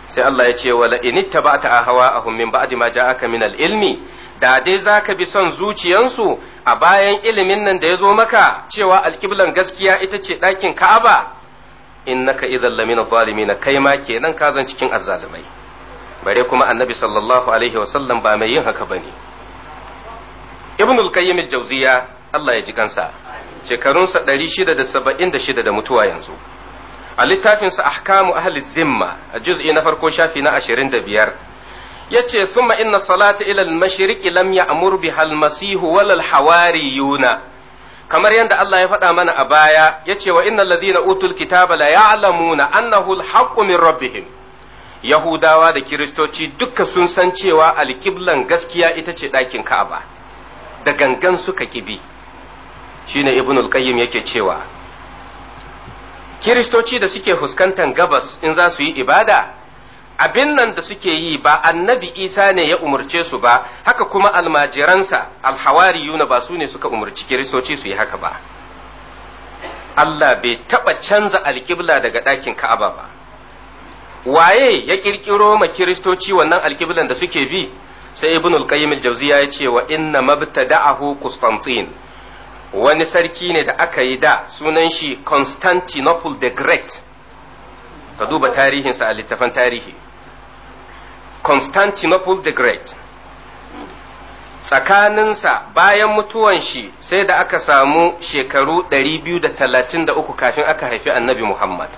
sai Allah ya ce wala in ittaba'ta ahwa'ahum min ba'di ma ja'aka min al-ilmi da dai zaka bi son zuciyansu a bayan ilimin nan da ya zo maka cewa alqiblan gaskiya ita ce ɗakin Ka'aba innaka idhal lamina zalimin kai ma kenan ka zan cikin azzalimai bare kuma annabi sallallahu alaihi wasallam ba mai yin haka ba ne ibn al-qayyim al-jawziya Allah ya ji kansa shekarunsa 676 da mutuwa yanzu a littafinsa ahkamu ahli zimma a juz'i na farko shafi na 25 yace thumma inna salata ila al-mashriq lam ya'mur biha al-masih wal hawariyuna kamar yadda Allah ya faɗa mana a baya yace wa innal ladina utul kitaba la ya'lamuna annahu al-haqqu min rabbihim yahudawa da kiristoci duka sun san cewa alkiblan gaskiya ita ce ɗakin ka'aba da gangan suka kibi shine ibn al-qayyim yake cewa kiristoci da suke fuskantar gabas in za su yi ibada abin nan da suke yi ba annabi isa ne ya umarce su ba haka kuma almajiransa alhawariyuna ba su ne suka umarci kiristoci su yi haka ba Allah bai taɓa canza alkibla daga ɗakin ka'aba ba waye ya kirkiro ma kiristoci wannan alkiblan da suke bi sai ibn al-qayyim al-jawziya ya ce wa inna mabtada'ahu qustantin wani sarki ne da aka yi da sunan shi Constantinople the Great ka duba tarihinsa a littafan tarihi Constantinople the Great tsakaninsa bayan mutuwan shi sai da aka samu shekaru 233 kafin aka haifi annabi Muhammad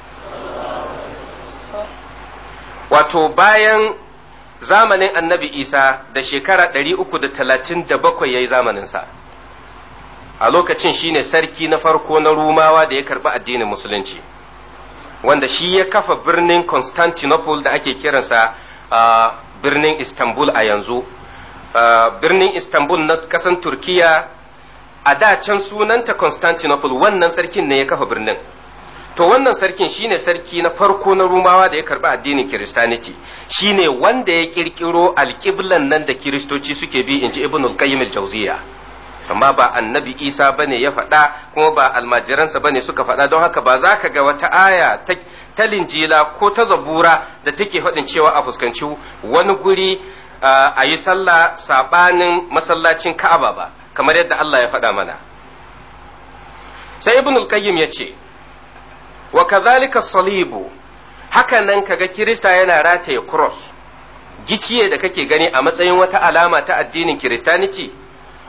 wato bayan zamanin annabi isa da shekara 337 ya yi zamaninsa a lokacin shi ne sarki na farko na rumawa da ya karɓi addinin musulunci wanda shi ya kafa birnin constantinople da ake kiransa birnin istanbul a yanzu birnin istanbul na kasan turkiya a da can sunanta constantinople wannan sarkin ne ya kafa birnin to wannan sarkin shine sarki na farko na rumawa da ya karbi addinin kiristaniti shine wanda ya kirkiro alƙiblan nan da kiristoci suke bi inji ibn al-qayyim al amma ba annabi isa bane ya faɗa kuma ba almajiransa bane suka faɗa don haka ba za ka ga wata aya ta linjila ko ta zabura da take faɗin cewa a fuskanci wani guri a yi sallah saɓanin masallacin ka'aba ba kamar yadda Allah ya faɗa mana sai ibn al ya ce wa kazalika salibu hakanan nan kaga kirista yana rataye cross giciye da kake gani a matsayin wata alama ta addinin kiristaniti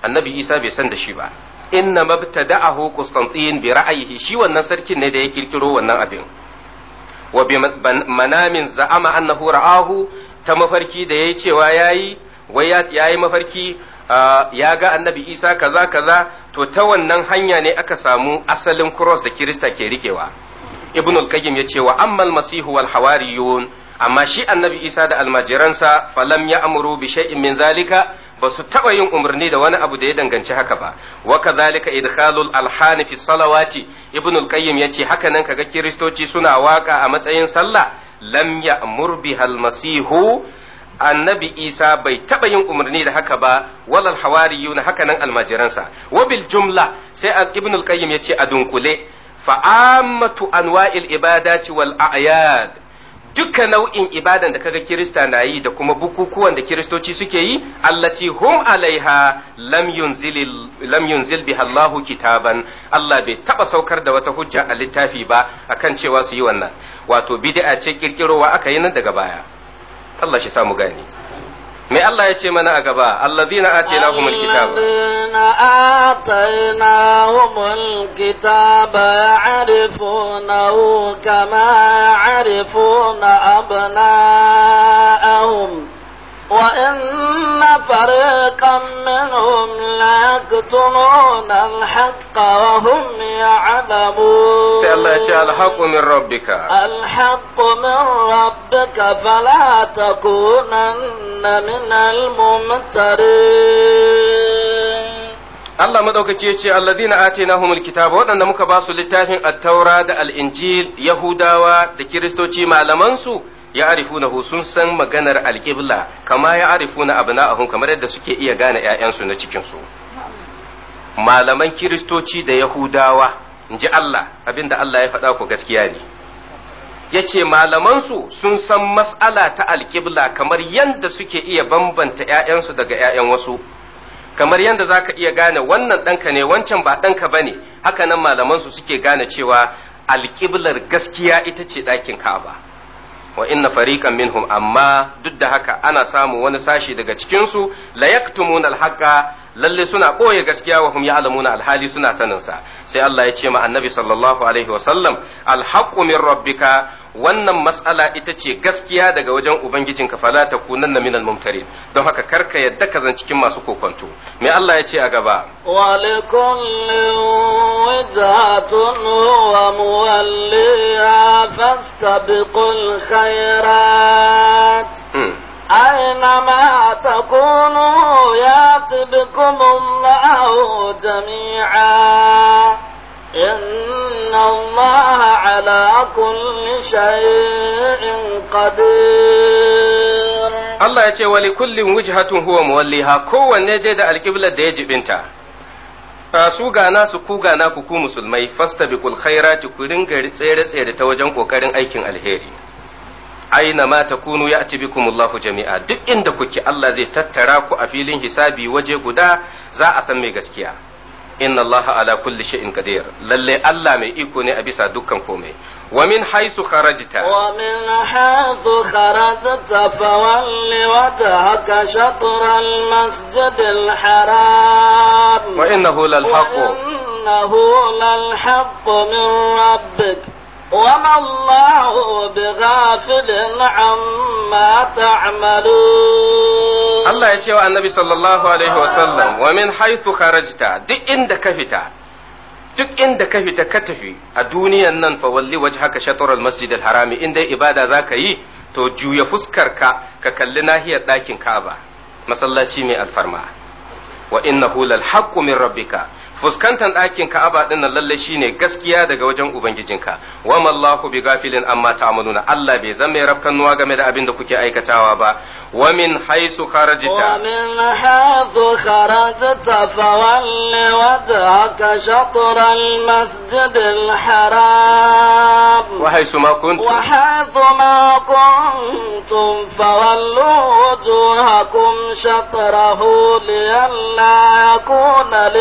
annabi isa bai san da shi ba inna mabtada'ahu qustantin bi ra'ayihi shi wannan sarkin ne da ya kirkiro wannan abin wa bi manamin za'ama annahu ra'ahu ta mafarki da yayi cewa yayi wai yayi mafarki ya ga annabi isa kaza kaza to ta wannan hanya ne aka samu asalin cross da kirista ke rikewa ibn al-qayyim yace wa ammal masihu wal hawariyun amma shi annabi isa da almajiransa falam ya amuru bi shay'in min zalika ba su taɓa yin umarni da wani abu da ya danganci haka ba wa kadhalika idkhalul alhani fi salawati ibn al-qayyim yace haka nan kaga kiristoci suna waka a matsayin sallah lam ya'mur biha al-masihu annabi isa bai taɓa yin umarni da haka ba walal hawariyun haka nan almajiransa wa bil jumla sai ibn al-qayyim yace a dunkule fa'ammatu anwa'il ibadati wal a'yad duka nau'in ibadan da kaga kirista na yi da kuma bukukuwan da kiristoci suke yi allati hum alaiha lam yunzil biha Allahu kitaban Allah bai taba saukar da wata hujja a littafi ba akan cewa su yi wannan wato bid'a ce kirkirowa aka yi nan daga baya Allah shi samu gani me Allah ya ce mana a gaba allazina atainahumul kitaba allazina atainahumul kitaba ya'rifunahu kama ya'rifuna abna'ahum وإن فريقا منهم ليكتمون الحق وهم يعلمون الله الحق من ربك الحق من ربك فلا تكونن من الممترين Allah madaukaki ya ce alladina atinahumul kitaba waɗanda muka ba su littafin at-taura da al-injil yahudawa da kiristoci malaman ya arifunahu sun san maganar alƙibla kama ya arifuna abna'ahum kamar yadda suke iya gane ‘ya'yansu na cikinsu malaman kiristoci da yahudawa in ji Allah abinda Allah ya faɗa ku gaskiya ne ya ce malamansu sun san matsala ta alƙibla kamar yadda suke iya bambanta ‘ya'yansu daga ‘ya'yan wasu kamar yadda za ka iya gane wannan ɗanka ne wancan ba ɗanka ba ne haka nan malamansu suke gane cewa alƙiblar gaskiya ita ce ɗakin ka'aba. wa inna fariqan minhum amma duk da haka ana samu wani sashi daga cikin su la yaktumuna alhaqa lalle suna ɓoye gaskiya wa hum ya'lamuna alhali suna sanin sa sai Allah ya ce ma annabi sallallahu alaihi wasallam alhaqu min rabbika wannan mas'ala ita ce gaskiya daga wajen ubangijin ka fala takunanna min mumtarin don haka karka yadda ka zan cikin masu kokonto me Allah ya ce a gaba wa likulli wajhatun huwa muwalliha فاستبقوا الخيرات أينما تكونوا ياتبكم بكم الله جميعا إن الله على كل شيء قدير الله يقول ولكل وجهة هو موليها كون دي الكبلة alƙiblar بنتها su gana su ku gana ku ku musulmai fastabiqul khairati ku ringa tsere tsere ta wajen kokarin aikin alheri aina ma ta takunu ya'ti bikumullahu jami'a duk inda kuke Allah zai tattara ku a filin hisabi waje guda za a san mai gaskiya inna Allah ala kulli shay'in qadir lalle Allah mai iko ne a bisa dukkan komai ومن حيث خرجت ومن حيث خرجت فول وجهك شطر المسجد الحرام وإنه للحق وإنه للحق من ربك وما الله بغافل عما تعملون الله يتيوى النبي صلى الله عليه وسلم ومن حيث خرجت دي عندك فتا duk inda ka fita ka tafi a duniyan nan fa walli waje haka al-masjid harami in dai ibada ka yi to juya fuskar ka ka kalli nahiyar ɗakin Ka'aba masallaci mai alfarma wa inna hulal haqqu min rabbika fuskantan ɗakin ka'aba ɗin nan lalle shine gaskiya daga wajen ubangijinka wa mallahu bi gafilin amma ta'maluna Allah bai zama mai rafkan nuwa game da abin da kuke aikatawa ba wa min haisu kharajta wa min haisu kharajta fawalli wajhaka shatr al haram wa haisu ma kuntum wa haisu ma kuntum fawallu wujuhakum shatrahu liyalla yakuna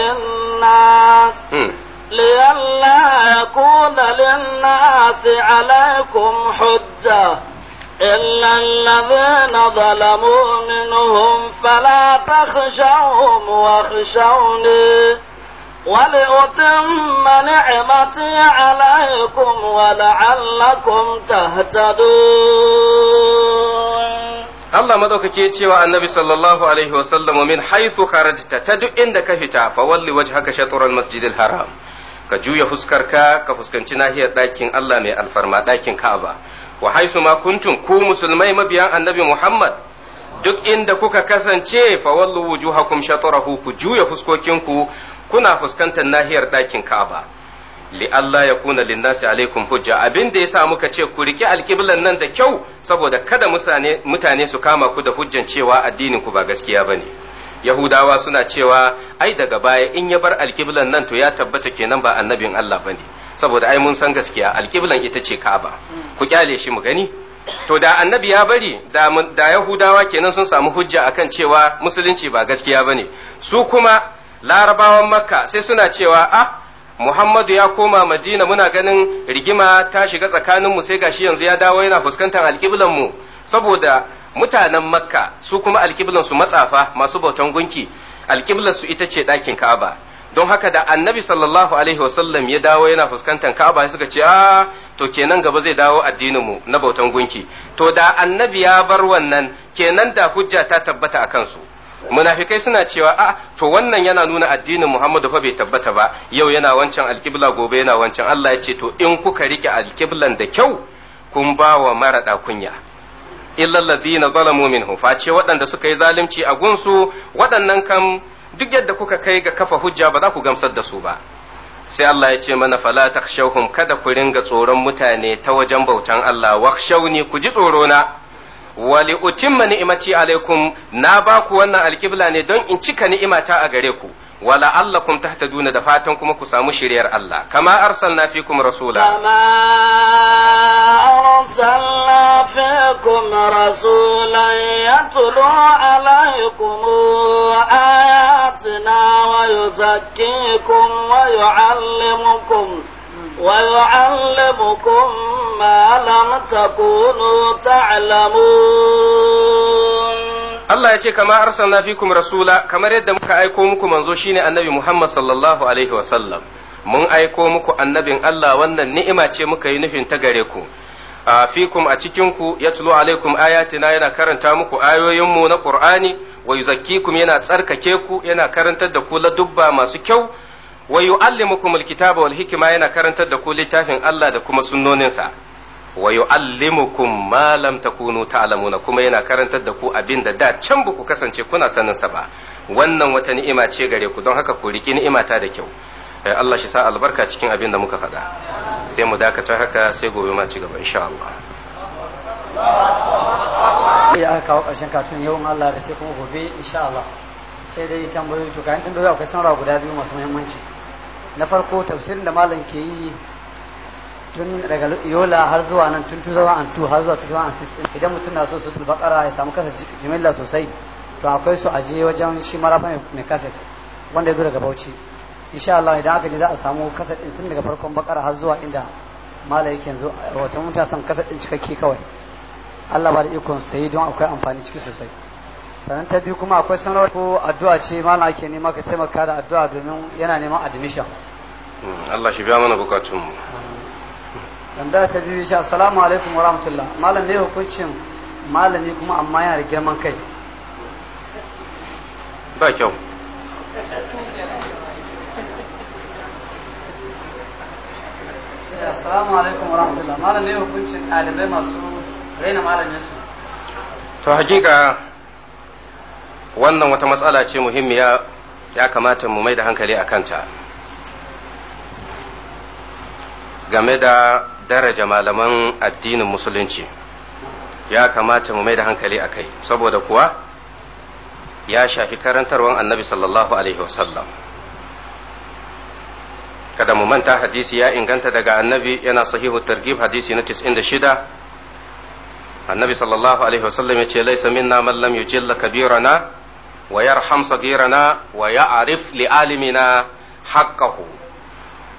الناس لئلا يكون للناس عليكم حجة إلا الذين ظلموا منهم فلا تخشوهم واخشوني ولأتم نعمتي عليكم ولعلكم تهتدون Allah madaukake cewa annabi sallallahu alaihi wa sallam min haythu kharajta ta duk inda ka fita fa walli wajhaka shatr al-masjidil haram ka juya fuskarka ka fuskanci nahiyar ɗakin Allah mai alfarma ɗakin Ka'aba wa haisu ma kuntum ku musulmai mabiyan annabi Muhammad duk inda kuka kasance fa wallu wujuhakum shatrahu ku juya fuskokinku kuna fuskantar nahiyar ɗakin Ka'aba li Allah ya kuna linnasi alaikum hujja abin da yasa muka ce ku rike alqiblan nan da kyau saboda kada mutane su kama ku da hujjan cewa addinin ku ba gaskiya bane Yahudawa suna cewa ai daga baya in ya bar alqiblan nan to ya tabbata kenan ba annabin Allah bane saboda ai mun san gaskiya alqiblan ita ce Ka'aba ku kyale shi mu gani to da annabi ya bari da Yahudawa kenan sun samu hujja akan cewa musulunci ba gaskiya bane su kuma larabawan makka sai suna cewa ah Muhammadu ya koma Madina muna ganin rigima ta shiga tsakanin mu sai gashi yanzu ya dawo yana fuskantar alƙiblan mu saboda mutanen Makka su kuma alƙiblan su matsafa masu bautan gunki alƙiblan su ita ce ɗakin Ka'aba don haka da Annabi sallallahu alaihi wasallam ya dawo yana fuskantar Ka'aba suka ce a ah, to kenan gaba zai dawo addinin mu na bautan gunki to da Annabi ya bar wannan kenan da hujja ta tabbata a kansu munafikai suna cewa a to wannan yana nuna addinin Muhammadu fa bai tabbata ba yau yana wancan alkibla gobe yana wancan Allah ya ce to in kuka rike alkiblan da kyau kun ba wa marada kunya illal ladina zalamu minhu fa ce waɗanda suka yi zalunci a gunsu waɗannan kam duk yadda kuka kai ga kafa hujja ba za ku gamsar da su ba sai Allah ya ce mana fala takhshawhum kada ku ringa tsoron mutane ta wajen bautan Allah wakhshawni ku ji tsoro na wa li utimma ni'mati alaikum na ba ku wannan alkibla ne don in cika ni'imata a gare ku wala allakum tahtaduna da fatan kuma ku samu shiriyar Allah kama arsalna fikum rasula kama arsalna fikum ya yatlu alaykum ayatina wa yuzakkikum wa yuallimukum ويعلمكم ما لم تكونوا تعلمون Allah ya ce kama arsalna fikum rasula kamar yadda muka aiko muku manzo shine annabi Muhammad sallallahu alaihi wa sallam mun aiko muku annabin Allah wannan ni'ima ce muka yi nufin ta gare ku a fikum a cikin ku yatlu alaikum ayatina yana karanta muku ayoyin mu na Qur'ani wa yuzakkikum yana tsarkake ku yana karantar da ku la dubba masu kyau wa yu'allimukum alkitaba wal hikma yana karantar da ku littafin Allah da kuma sunnoninsa wa yu'allimukum ma lam takunu ta'lamuna kuma yana karantar da ku abin da da can ba ku kasance kuna sanin sa ba wannan wata ni'ima ce gare ku don haka ku riki ni'imata da kyau eh, Allah shi sa albarka cikin abin da muka faɗa sai mu dakata haka sai gobe ma ci gaba insha Allah ya aka kawo ƙarshen katun yau Allah da sai kuma gobe insha Allah sai dai tambayoyi to kan tambayoyi akwai sanarwa guda biyu masu muhimmanci na farko tafsirin da malam ke yi tun daga yola har zuwa nan tun 2002 har zuwa 2006 idan mutum na so su tulbakara ya samu kasa jimilla sosai to akwai su aje wajen shi marafa mai kaset wanda ya zo daga bauchi insha Allah idan aka je za a samu kaset din tun daga farkon bakara har zuwa inda malam yake yanzu wata mutasan kaset din cikakke kawai Allah ba da ikon sayi don akwai amfani ciki sosai sannan ta biyu kuma akwai sanarwar ko addu'a ce malam ake nema ka taimaka da addu'a domin yana neman admission hmm, Allah shi biya mana bukatun mu tambaya ta biyu shi assalamu alaikum wa rahmatullah malam ne hukuncin malami kuma amma yana da girman kai ba kyau assalamu alaikum wa rahmatullah malam ne hukuncin ɗalibai masu raina malamin su to hakika wannan wata matsala ce muhimmiya ya kamata mu mai da hankali a kanta game da daraja malaman addinin musulunci ya kamata mu mai da hankali a kai saboda kuwa ya shafi karantarwan annabi sallallahu alaihi wasallam kada mu manta hadisi ya inganta daga annabi yana sahihu targib hadisi na 96 annabi sallallahu alaihi wasallam ya ce laisa minna man lam yujilla kabirana wa yarham sagirana wa ya'rif li'alimina haqqahu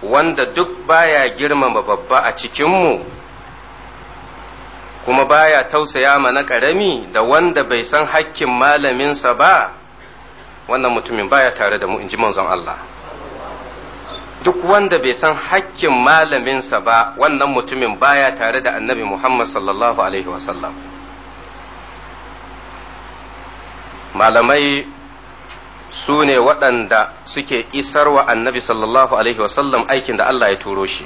wanda duk baya girmama babba a cikinmu kuma baya tausaya mana ƙarami da wanda bai san hakkin malaminsa ba wannan mutumin baya tare da mu in ji manzon Allah duk wanda bai san hakkin malaminsa ba wannan mutumin baya tare da annabi Muhammad sallallahu alaihi wasallam malamai su ne waɗanda suke isar wa annabi sallallahu alaihi wasallam aikin da Allah ya turo shi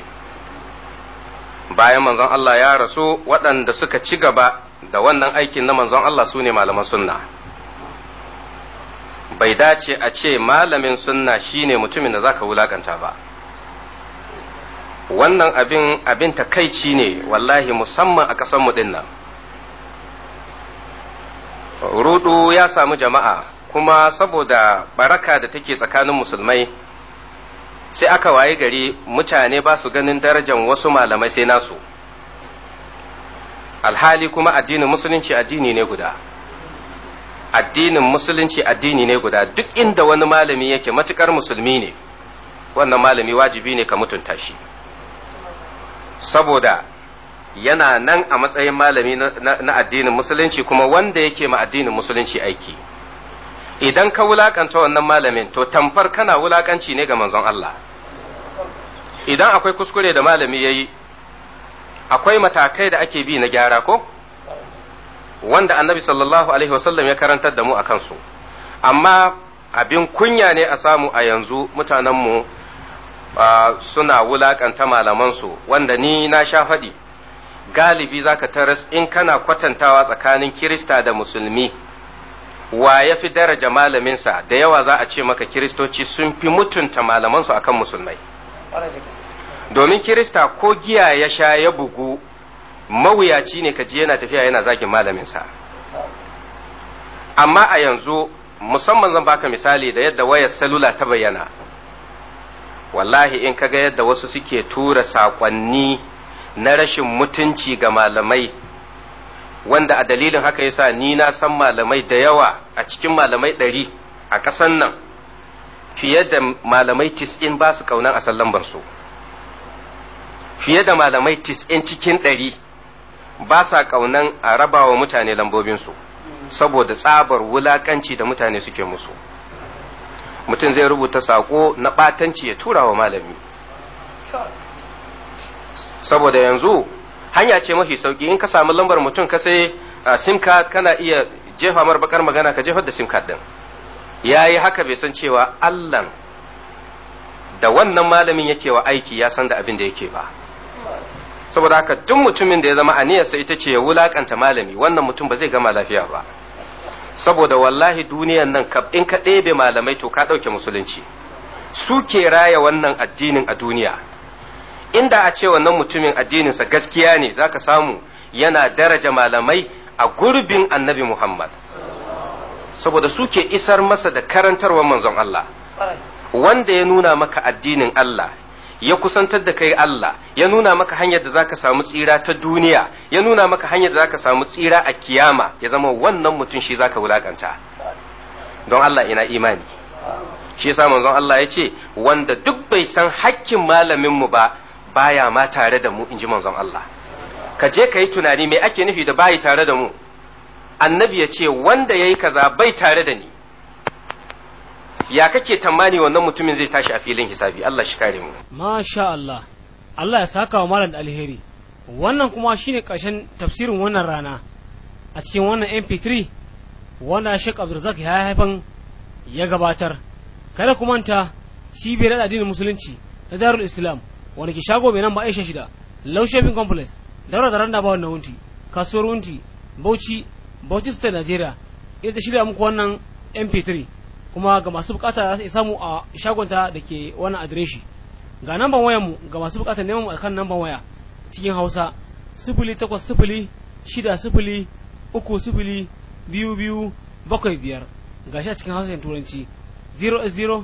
bayan manzon Allah ya rasu waɗanda suka ci gaba da wannan aikin na manzon Allah su ne malaman sunna bai dace a ce malamin sunna shine mutumin da za ka wulakanta ba wannan abin abin takaici ne wallahi musamman a ƙasar mu dinnan. rudu ya samu jama'a kuma saboda baraka da take tsakanin musulmai sai aka wayi gari mutane ba su ganin darajan wasu malamai sai nasu alhali kuma addinin musulunci addini ne guda addinin musulunci addini ne guda duk inda wani malami yake matukar musulmi ne wannan malami wajibi ne ka mutunta shi saboda yana nan a matsayin malami na addinin musulunci kuma wanda yake ma addinin musulunci aiki idan ka wulakanta wannan malamin to tamfar kana wulakanci ne ga manzon Allah idan akwai kuskure da malami yayi akwai matakai da ake bi na gyara ko wanda annabi sallallahu alaihi wasallam ya karantar da mu a kansu amma abin kunya ne a samu a yanzu mutanenmu ah, suna wulakanta malamansu wanda ni na sha faɗi galibi zaka taras in kana kwatantawa tsakanin kirista da musulmi wa ya fi daraja malaminsa da yawa za a ce maka kiristoci sun fi mutunta malamansu akan musulmai domin kirista ko giya ya sha ya bugu mawuyaci ne kaji yana tafiya yana zagin malaminsa amma a yanzu musamman zan baka misali da yadda wayar salula ta bayyana wallahi in kaga yadda wasu suke tura sakonni. na rashin mutunci ga malamai wanda a dalilin haka ya sa ni na san malamai da yawa a cikin malamai ɗari a ƙasan nan fiye da malamai tis'in ba su ƙaunar a sallan fiye da malamai tis'in cikin ɗari ba sa ƙaunan a raba wa mutane lambobinsu saboda tsabar wulaƙanci da mutane suke musu mutum zai rubuta saƙo na ɓatanci ya tura wa malami saboda yanzu hanya ce mafi sauki in ka samu lambar mutum ka sai sim card kana iya jefa mar bakar magana ka jefar da sim card din yayi haka bai san cewa Allah da wannan malamin yake wa aiki ya san da abin da yake ba saboda haka duk mutumin da ya zama aniyarsa ita ce ya wulakanta malami wannan mutum ba zai gama lafiya ba saboda wallahi duniyan nan in ka ɗebe malamai to ka ɗauke musulunci su ke raya wannan addinin a duniya inda a ce wannan mutumin addininsa gaskiya ne zaka samu yana daraja malamai a gurbin annabi Muhammad saboda suke isar masa da karantarwa manzon Allah wanda ya nuna maka addinin Allah ya kusantar da kai Allah ya nuna maka hanyar da zaka samu tsira ta duniya ya nuna maka hanyar da zaka samu tsira a kiyama ya zama wannan mutum shi zaka wulakanta don Allah ina imani shi yasa manzon Allah ya ce wanda duk bai san hakkin malamin mu ba baya ma tare da mu in ji manzon Allah ka je ka yi tunani me ake nufi da bayi tare da mu annabi ya ce wanda ya yi kaza bai tare da ni ya kake tambani wannan mutumin zai tashi a filin hisabi Allah shi kare mu masha Allah Allah ya saka wa malam alheri wannan kuma shine karshen tafsirin wannan rana a cikin wannan mp3 wanda Sheikh Abdulrazak ya haifan ya gabatar kada ku manta cibiyar addinin musulunci na Darul Islam wani ki shago mai nan ba aisha shida low shopping complex daura da randa ba wannan wunti kasuwar wunti bauchi bauchi state nigeria ita shirya muku wannan mp3 kuma ga masu bukata za su samu a shagonta da ke wannan adireshi ga namban wayan mu ga masu bukata neman mu kan namban waya cikin hausa sifili takwas sifili shida sifili uku sifili biyu biyu bakwai biyar ga shi a cikin hausa turanci 0